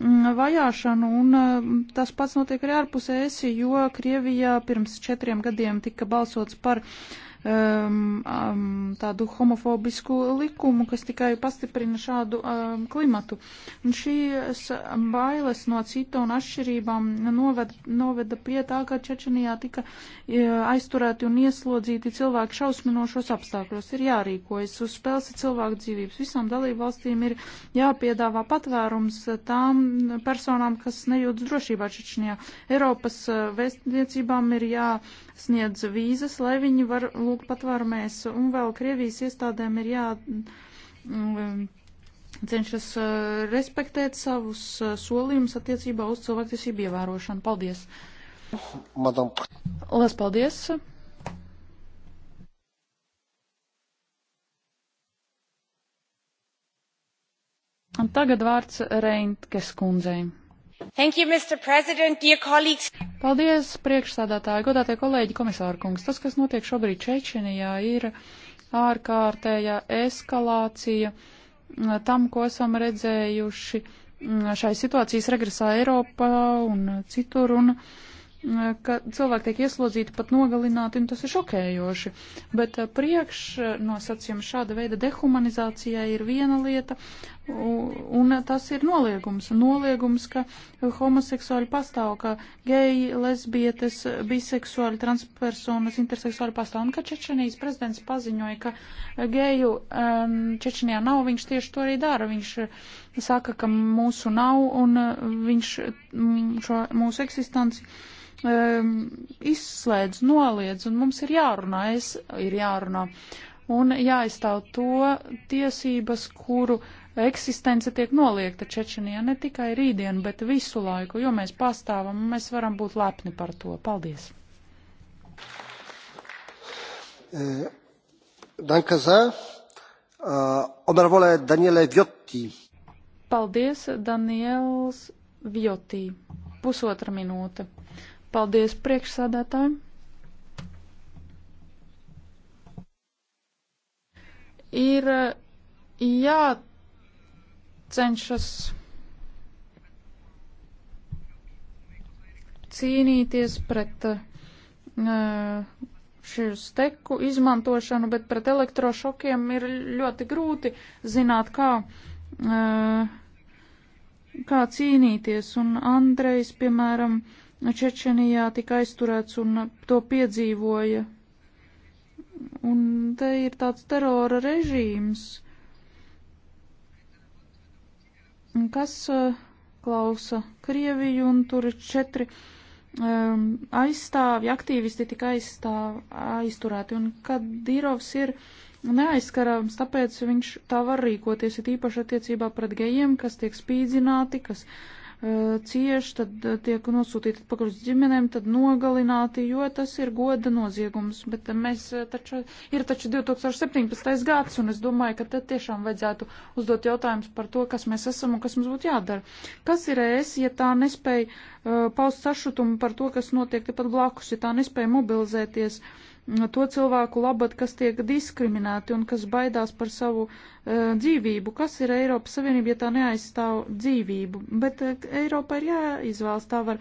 Mm, vajāšanu, un mm, tas pats notiek arī ārpus ESI, jo Krievijā pirms četriem gadiem tika balsots par uh, um, um, tādu homofobisku likumu, kas tikai pastiprina šādu um, klimatu. Un šīs bailes no cita un atšķirībām noved, noveda pie tā, ka Čečenijā tika e, aizturēti un ieslodzīti cilvēki šausminošos apstākļos. Ir jārīkojas uz spēles cilvēku dzīvības. Visām dalību valstīm ir jāpiedāvā patvērums tām personām, kas nejūtas drošībā Čečenijā. Eiropas e, vēstniecībām ir jāsniedz vīzas, lai viņi var lūgt lūk patvērmēs, un vēl Krievijas iestādēm ir jā mm, cenšas eh, respektēt savus eh, solījumus attiecībā uz cilvēktiesību ievērošanu. Paldies! Madam. Lielas paldies! Un tagad vārds Reintkes kundzei. Thank you, Mr. President, dear colleagues. Paldies, priekšsādātāji, godātie kolēģi, komisāra kungs. Tas, kas notiek šobrīd Čečenijā, ir ārkārtējā eskalācija tam, ko esam redzējuši šai situācijas regresā Eiropā un citur. Un, uh, ka cilvēki tiek ieslodzīti, pat nogalināti, un tas ir šokējoši. Bet eh, priekšnosacījums šāda veida dehumanizācijai ir viena lieta, un tas ir noliegums. Noliegums, ka homoseksuāli pastāv, ka geji, lesbietes, biseksuāli, transpersonas, interseksuāli pastāv, un ka Čečenijas prezidents paziņoja, ka geju Čečenijā nav, viņš tieši to arī dara. Viņš eh, saka, ka mūsu nav, un eh, viņš šo mūsu eksistenci um, izslēdz, noliedz, un mums ir jārunā, es, ir jārunā. Un jāizstāv to tiesības, kuru eksistence tiek noliegta Čečenijā ne tikai rītdien, bet visu laiku, jo mēs pastāvam un mēs varam būt lepni par to. Paldies! Eh, Danke sehr. Honorable Daniele Viotti. Paldies, Daniels Viotti. Pusotra minūte. Uh, Paldies priekšsādātājiem. Ir uh, jācenšas cīnīties pret uh, šīs teku izmantošanu, bet pret elektrošokiem ir ļoti grūti zināt, kā, uh, kā cīnīties. Un Andrejs, piemēram, Čečenijā tika aizturēts un to piedzīvoja. Un te ir tāds terora režīms, kas uh, klausa Krieviju, un tur ir četri um, aizstāvi, aktīvisti tika aizstāv, aizturēti, un kad Dīrovs ir neaizskarāms, tāpēc viņš tā var rīkoties, ir īpaši attiecībā pret gejiem, kas tiek spīdzināti, kas uh, Eh, cieši, tad eh, tiek nosūtīti atpakaļ uz ģimenēm, tad nogalināti, jo tas ir goda noziegums. Bet eh, mēs taču, ir taču 2017. gads, un es domāju, ka tad tiešām vajadzētu uzdot jautājumus par to, kas mēs esam un kas mums būtu jādara. Kas ir es, ja tā nespēja uh, paust sašutumu par to, kas notiek tepat blakus, ja tā nespēja mobilizēties? Uh, to cilvēku labad, kas tiek diskriminēti un kas baidās par savu uh, dzīvību. Kas ir Eiropas Savienība, ja tā neaizstāv dzīvību? Bet uh, Eiropa ir jāizvēlas, tā var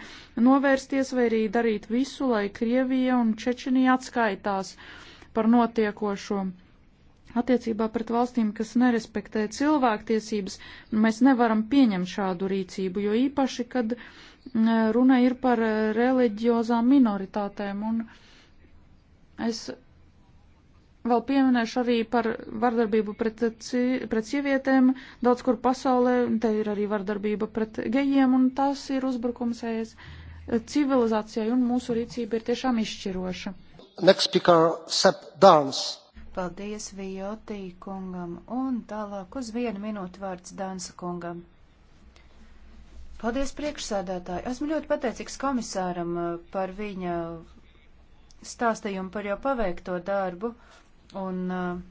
novērsties vai arī darīt visu, lai Krievija un Čečenija atskaitās par notiekošo. Attiecībā pret valstīm, kas nerespektē cilvēktiesības, mēs nevaram pieņemt šādu rīcību, jo īpaši, kad e, runa ir par reliģiozām minoritātēm un uh, Es vēl pieminēšu arī par vardarbību pret, pret sievietēm. Daudz kur pasaulē, un te ir arī vardarbība pret gejiem, un tas ir uzbrukums ES civilizācijai, un mūsu rīcība ir tiešām izšķiroša. Next speaker, Sepp Dārns. Paldies Vijotī kungam, un tālāk uz vienu minūtu vārds Dānsa kungam. Paldies priekšsēdētāji. Esmu ļoti pateicīgs komisāram eh, par viņa stāstījumu par jau paveikto darbu, un uh,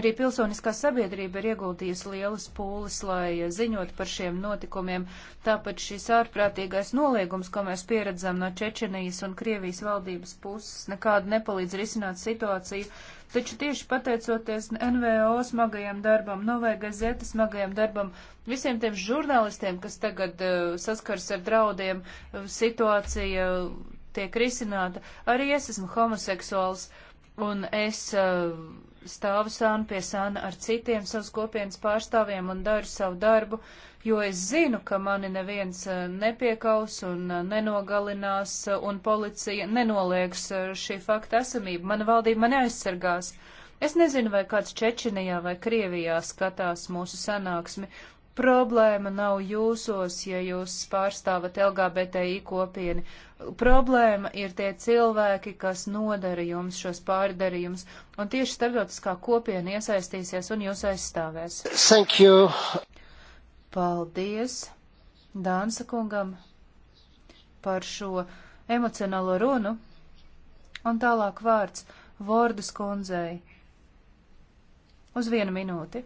arī pilsoniskā sabiedrība ir ieguldījusi lielas pūles, lai ziņot par šiem notikumiem. Tāpat šis ārprātīgais noliegums, ko mēs pieredzam no Čečenijas un Krievijas valdības puses, nekādu nepalīdz risināt situāciju. Taču tieši pateicoties NVO smagajam darbam, Novai Gazeta smagajam darbam, visiem tiem žurnālistiem, kas tagad uh, saskars ar draudiem, uh, situācija. Uh, tiek risināta. Arī es esmu homoseksuāls un es uh, stāvu sānu pie sāna ar citiem savas kopienas pārstāvjiem un daru savu darbu, jo es zinu, ka mani neviens uh, nepiekaus un uh, nenogalinās uh, un policija nenoliegs uh, šī fakta esamību. Mana valdība mani aizsargās. Es nezinu, vai kāds Čečenijā vai Krievijā skatās mūsu sanāksmi. Problēma nav jūsos, ja jūs pārstāvat LGBTI kopieni. Problēma ir tie cilvēki, kas nodara jums šos pārdarījumus, un tieši starptautiskā kopiena iesaistīsies un jūs aizstāvēs. Thank you. Paldies Dānsa kungam par šo emocionālo runu. Un tālāk vārds Vordas kundzei. Uz vienu minūti.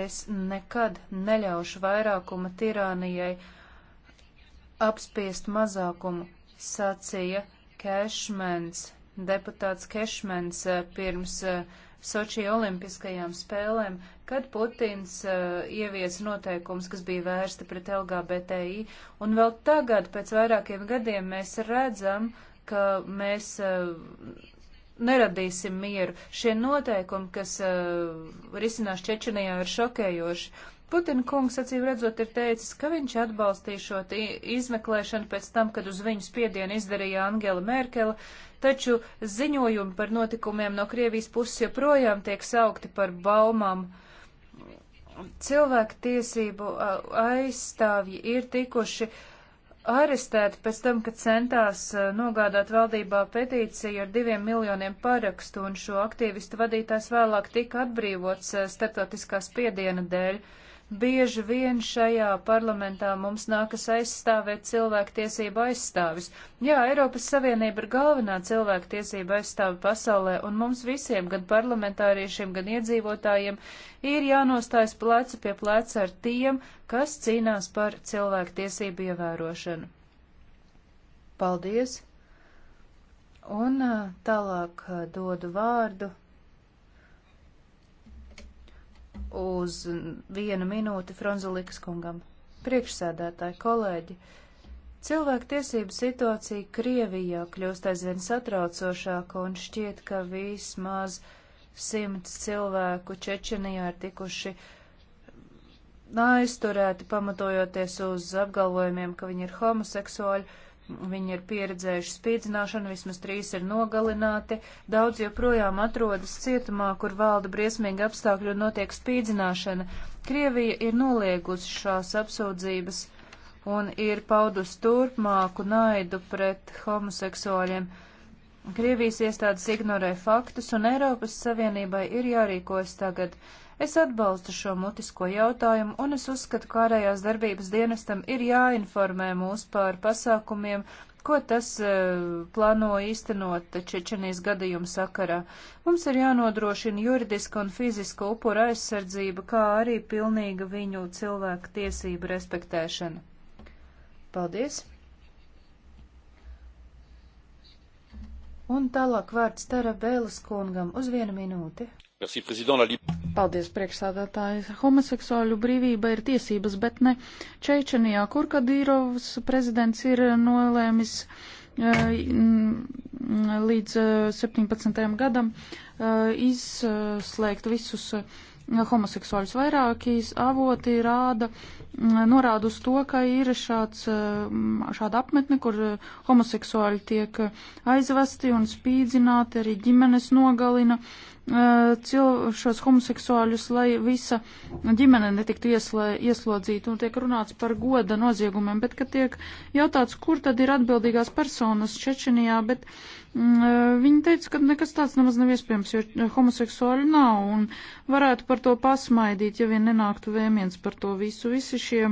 Es nekad neļaušu vairākuma tirānijai apspiest mazākumu, sacīja Kešmens, deputāts Kešmens eh, pirms eh, Soči olimpiskajām spēlēm, kad Putins uh, eh, ievies noteikums, kas bija vērsti pret LGBTI, un vēl tagad, pēc vairākiem gadiem, mēs redzam, ka mēs uh, neradīsim mieru. Šie noteikumi, kas uh, risinās Čečenijā, ir šokējoši. Putina kungs acīm redzot ir teicis, ka viņš atbalstīšot izmeklēšanu pēc tam, kad uz viņu spiedienu izdarīja Angela Merkele, taču ziņojumi par notikumiem no Krievijas puses joprojām tiek saukti par baumām. Cilvēku tiesību aizstāvji ir tikuši arestēti pēc tam, kad centās nogādāt valdībā petīciju ar diviem miljoniem parakstu, un šo aktīvistu vadītājs vēlāk tika atbrīvots starptautiskā spiediena dēļ. Uh, Bieži vien šajā parlamentā mums nākas aizstāvēt cilvēktiesību aizstāvis. Jā, Eiropas Savienība ir galvenā cilvēktiesība aizstāve pasaulē, un mums visiem, gan parlamentāriešiem, gan iedzīvotājiem, ir jānostājas plecu pie pleca ar tiem, kas cīnās par cilvēktiesību ievērošanu. Paldies! Un tālāk dodu vārdu uz vienu minūti Fronzulikas kungam. Priekšsēdētāji, kolēģi, cilvēku tiesību situācija Krievijā kļūst aizvien satraucošāka un šķiet, ka vismaz simts cilvēku Čečenijā ir tikuši aizturēti, pamatojoties uz apgalvojumiem, ka viņi ir homoseksuāļi Viņi ir pieredzējuši spīdzināšanu, vismaz trīs ir nogalināti, daudz joprojām atrodas cietumā, kur valda briesmīgi apstākļi un notiek spīdzināšana. Krievija ir noliegusi šās apsūdzības un ir paudusi turpmāku naidu pret homoseksuāļiem. Krievijas iestādes ignorē faktus, un Eiropas Savienībai ir jārīkojas tagad. Es atbalstu šo mutisko jautājumu, un es uzskatu, ka ārējās darbības dienestam ir jāinformē mūs par pasākumiem, ko tas e, plāno īstenot Čečenijas gadījuma sakarā. Mums ir jānodrošina juridiska un fiziska upura aizsardzība, kā arī pilnīga viņu cilvēku tiesību respektēšana. Paldies! Un tālāk vārds Tara Bēlas kungam uz vienu minūti. Merci, Paldies, priekšsādātājs. Homoseksuāļu brīvība ir tiesības, bet ne Čečenijā, kur Kadīrovs prezidents ir nolēmis eh, līdz 17. Eh, gadam eh, izslēgt visus homoseksuāļus. Vairāki avoti rāda, norāda uz to, ka ir šāds, šāda apmetne, kur homoseksuāļi tiek aizvesti un spīdzināti, arī ģimenes nogalina Uh, šos homoseksuāļus, lai visa ģimene netiktu ieslodzīta un tiek runāts par goda noziegumiem, bet kad tiek jautāts, kur tad ir atbildīgās personas Čečenijā, bet mm, uh, viņi teica, ka nekas tāds nemaz nav iespējams, jo uh, homoseksuāļi nav un varētu par to pasmaidīt, ja vien nenāktu vēmiens par to visu. Visi šie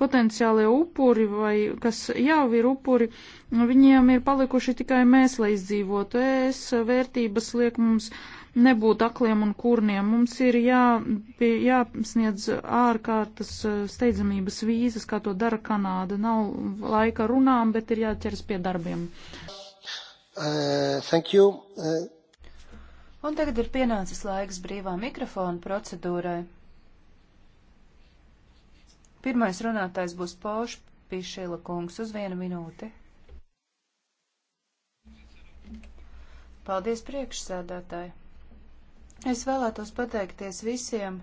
potenciālie upuri vai kas jau ir upuri, viņiem ir palikuši tikai mēs, lai izdzīvotu. Es vērtības liek mums nebūt akliem un kurniem. Mums ir jā, pie, jāsniedz ārkārtas eh, steidzamības vīzas, kā to dara Kanāda. Nav laika runām, bet ir jāķers pie darbiem. Uh, thank you. Uh... Un tagad ir pienācis laiks brīvā mikrofona procedūrai. Pirmais runātājs būs Pauš Pišela kungs uz vienu minūti. Paldies priekšsēdētāji! Es vēlētos pateikties visiem,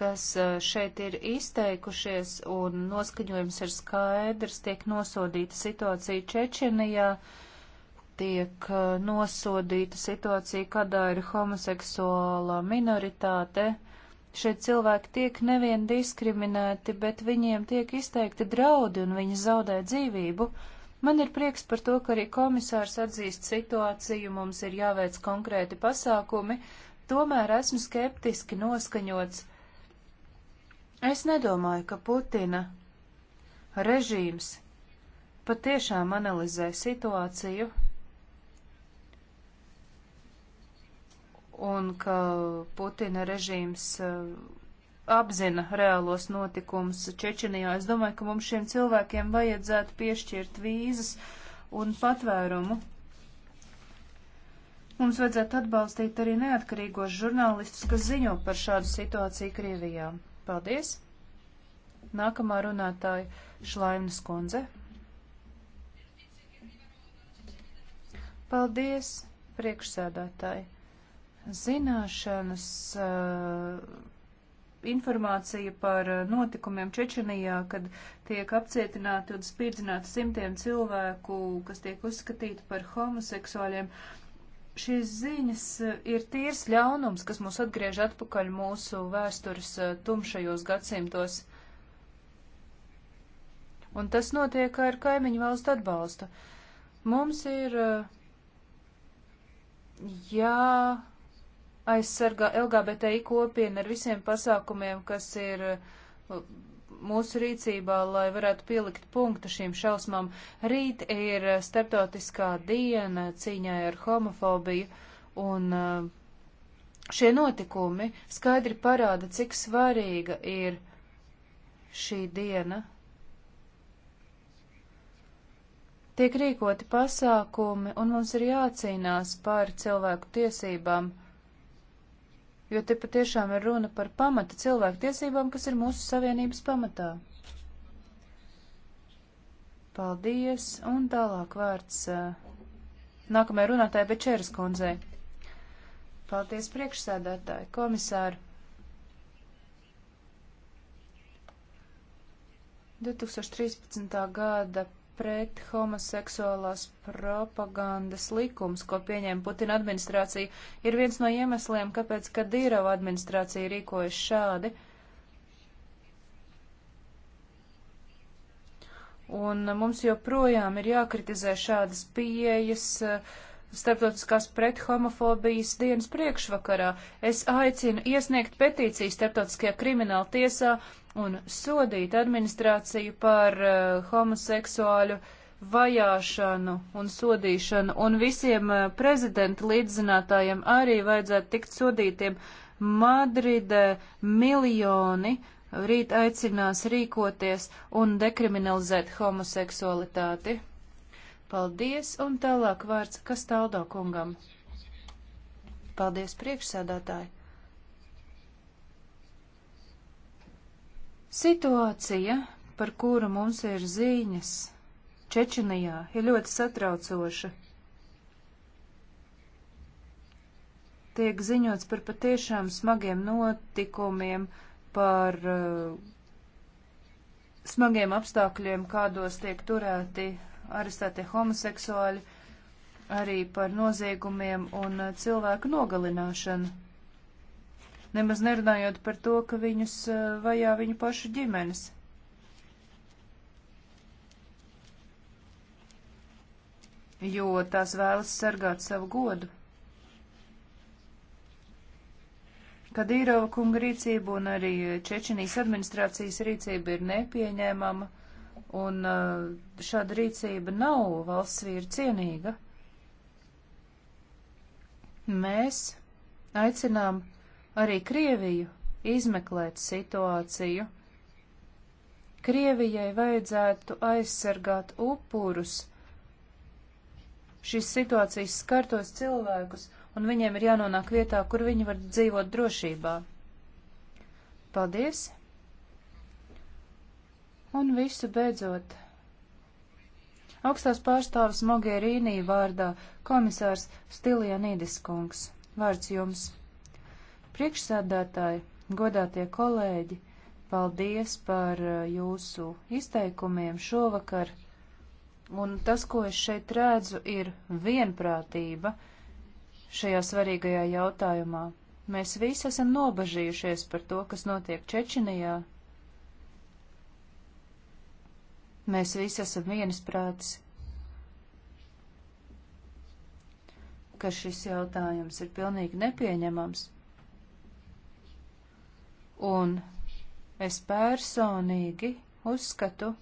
kas šeit ir izteikušies, un noskaņojums ir skaidrs, tiek nosodīta situācija Čečenijā, tiek nosodīta situācija, kādā ir homoseksuālā minoritāte. Šie cilvēki tiek nevien diskriminēti, bet viņiem tiek izteikti draudi un viņi zaudē dzīvību. Man ir prieks par to, ka arī komisārs atzīst situāciju, mums ir jāveic konkrēti pasākumi, Tomēr esmu skeptiski noskaņots. Es nedomāju, ka Putina režīms patiešām analizē situāciju un ka Putina režīms eh, apzina reālos notikumus Čečenijā. Es domāju, ka mums šiem cilvēkiem vajadzētu piešķirt vīzas un patvērumu. Mums vajadzētu atbalstīt arī neatkarīgos žurnālistus, kas ziņo par šādu situāciju Krievijā. Paldies! Nākamā runātāja Šlaimnas kundze. Paldies, priekšsēdētāji! Zināšanas. Uh, informācija par uh, notikumiem Čečenijā, kad tiek apcietināti un spīdzināti simtiem cilvēku, kas tiek uzskatīti par homoseksuāļiem, šīs ziņas eh, ir tīrs ļaunums, kas mūs atgriež atpakaļ mūsu vēstures eh, tumšajos gadsimtos. Un tas notiek ar kaimiņu valstu atbalstu. Mums ir eh, jāaizsargā LGBTI kopiena ar visiem pasākumiem, kas ir mūsu rīcībā, lai varētu pielikt punktu šīm šausmām. Rīt ir starptautiskā diena cīņai ar homofobiju, un uh, šie notikumi skaidri parāda, cik svarīga ir šī diena. Tiek rīkoti pasākumi, un mums ir jācīnās par cilvēku tiesībām jo te patiešām ir runa par pamata cilvēku tiesībām, kas ir mūsu savienības pamatā. Paldies, un tālāk vārds eh, nākamajai runātāji Bečeras kundzei. Paldies priekšsēdētāji, komisāri. 2013. gada pret homoseksuālās propagandas likums, ko pieņēma Putina administrācija, ir viens no iemesliem, kāpēc Kadīrova administrācija rīkojas šādi. Un mums joprojām ir jākritizē šādas pieejas, uh, starptautiskās prethomofobijas dienas priekšvakarā. Es aicinu iesniegt petīciju starptautiskajā krimināla tiesā un sodīt administrāciju par uh, homoseksuāļu vajāšanu un sodīšanu, un visiem uh, prezidenta līdzzinātājiem arī vajadzētu tikt sodītiem. Madride miljoni rīt aicinās rīkoties un dekriminalizēt homoseksualitāti. Paldies, un tālāk vārds Kastaldo kungam. Paldies, priekšsēdētāji. Situācija, par kuru mums ir ziņas Čečenijā, ir ļoti satraucoša. Tiek ziņots par patiešām smagiem notikumiem, par uh, smagiem apstākļiem, kādos tiek turēti arestētie homoseksuāļi, arī par noziegumiem un uh, cilvēku nogalināšanu. Nemaz nerunājot par to, ka viņus uh, vajā viņu pašu ģimenes. Jo tās vēlas sargāt savu godu. Kadīrova kunga rīcība un arī Čečenijas administrācijas rīcība ir nepieņēmama un uh, šāda rīcība nav valsts vīra cienīga. Mēs aicinām arī Krieviju izmeklēt situāciju. Krievijai vajadzētu aizsargāt upurus, šīs situācijas skartos cilvēkus, un viņiem ir jānonāk vietā, kur viņi var dzīvot drošībā. Paldies! Un visu beidzot, augstās pārstāvis Mogherīnī vārdā komisārs Stilianīdis kungs. Vārds jums. Priekšsādātāji, godātie kolēģi, paldies par uh, jūsu izteikumiem šovakar. Un tas, ko es šeit redzu, ir vienprātība šajā svarīgajā jautājumā. Mēs visi esam nobažījušies par to, kas notiek Čečinijā, Mēs visi esam viensprāts, ka šis jautājums ir pilnīgi nepieņemams. Un es personīgi uzskatu,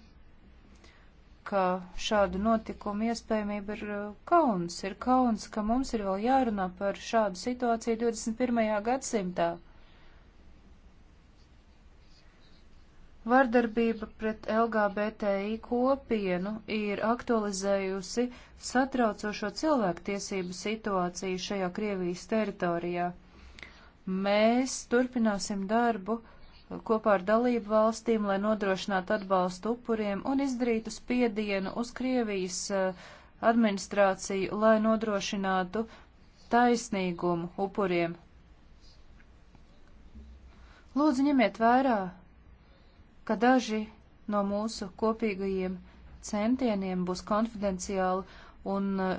ka šādu notikumu iespējamība ir uh, kauns. Ir kauns, ka mums ir vēl jārunā par šādu situāciju 21. gadsimtā. Vardarbība pret LGBTI kopienu ir aktualizējusi satraucošo cilvēktiesību situāciju šajā Krievijas teritorijā. Mēs turpināsim darbu kopā ar dalību valstīm, lai nodrošinātu atbalstu upuriem un izdarītu spiedienu uz Krievijas eh, administrāciju, lai nodrošinātu taisnīgumu upuriem. Lūdzu, ņemiet vērā ka daži no mūsu kopīgajiem centieniem būs konfidenciāli un eh,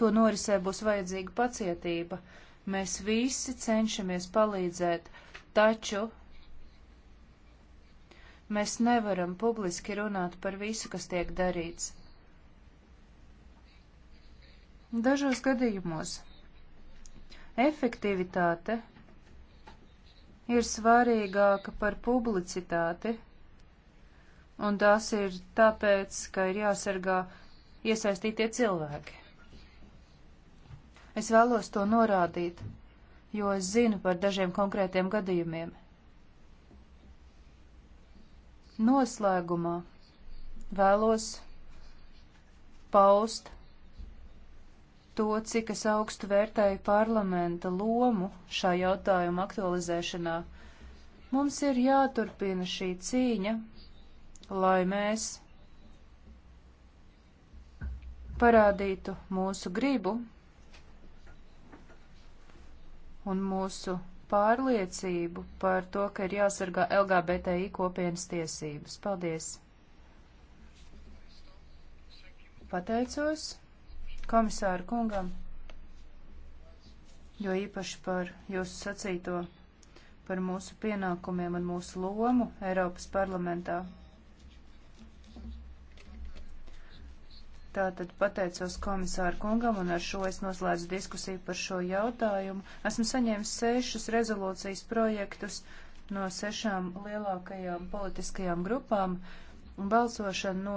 to norisē būs vajadzīga pacietība. Mēs visi cenšamies palīdzēt, taču mēs nevaram publiski runāt par visu, kas tiek darīts. Dažos gadījumos efektivitāte ir svarīgāka par publicitāti, un tas ir tāpēc, ka ir jāsargā iesaistītie cilvēki. Es vēlos to norādīt, jo es zinu par dažiem konkrētiem gadījumiem. Noslēgumā vēlos paust to, cik es augstu vērtēju parlamenta lomu šā jautājuma aktualizēšanā. Mums ir jāturpina šī cīņa, lai mēs parādītu mūsu gribu un mūsu pārliecību par to, ka ir jāsargā LGBTI kopienas tiesības. Paldies! Pateicos! komisāru kungam, jo īpaši par jūsu sacīto par mūsu pienākumiem un mūsu lomu Eiropas parlamentā. Tātad pateicos komisāru kungam un ar šo es noslēdzu diskusiju par šo jautājumu. Esmu saņēmis sešus rezolūcijas projektus no sešām lielākajām politiskajām grupām. Balsošana no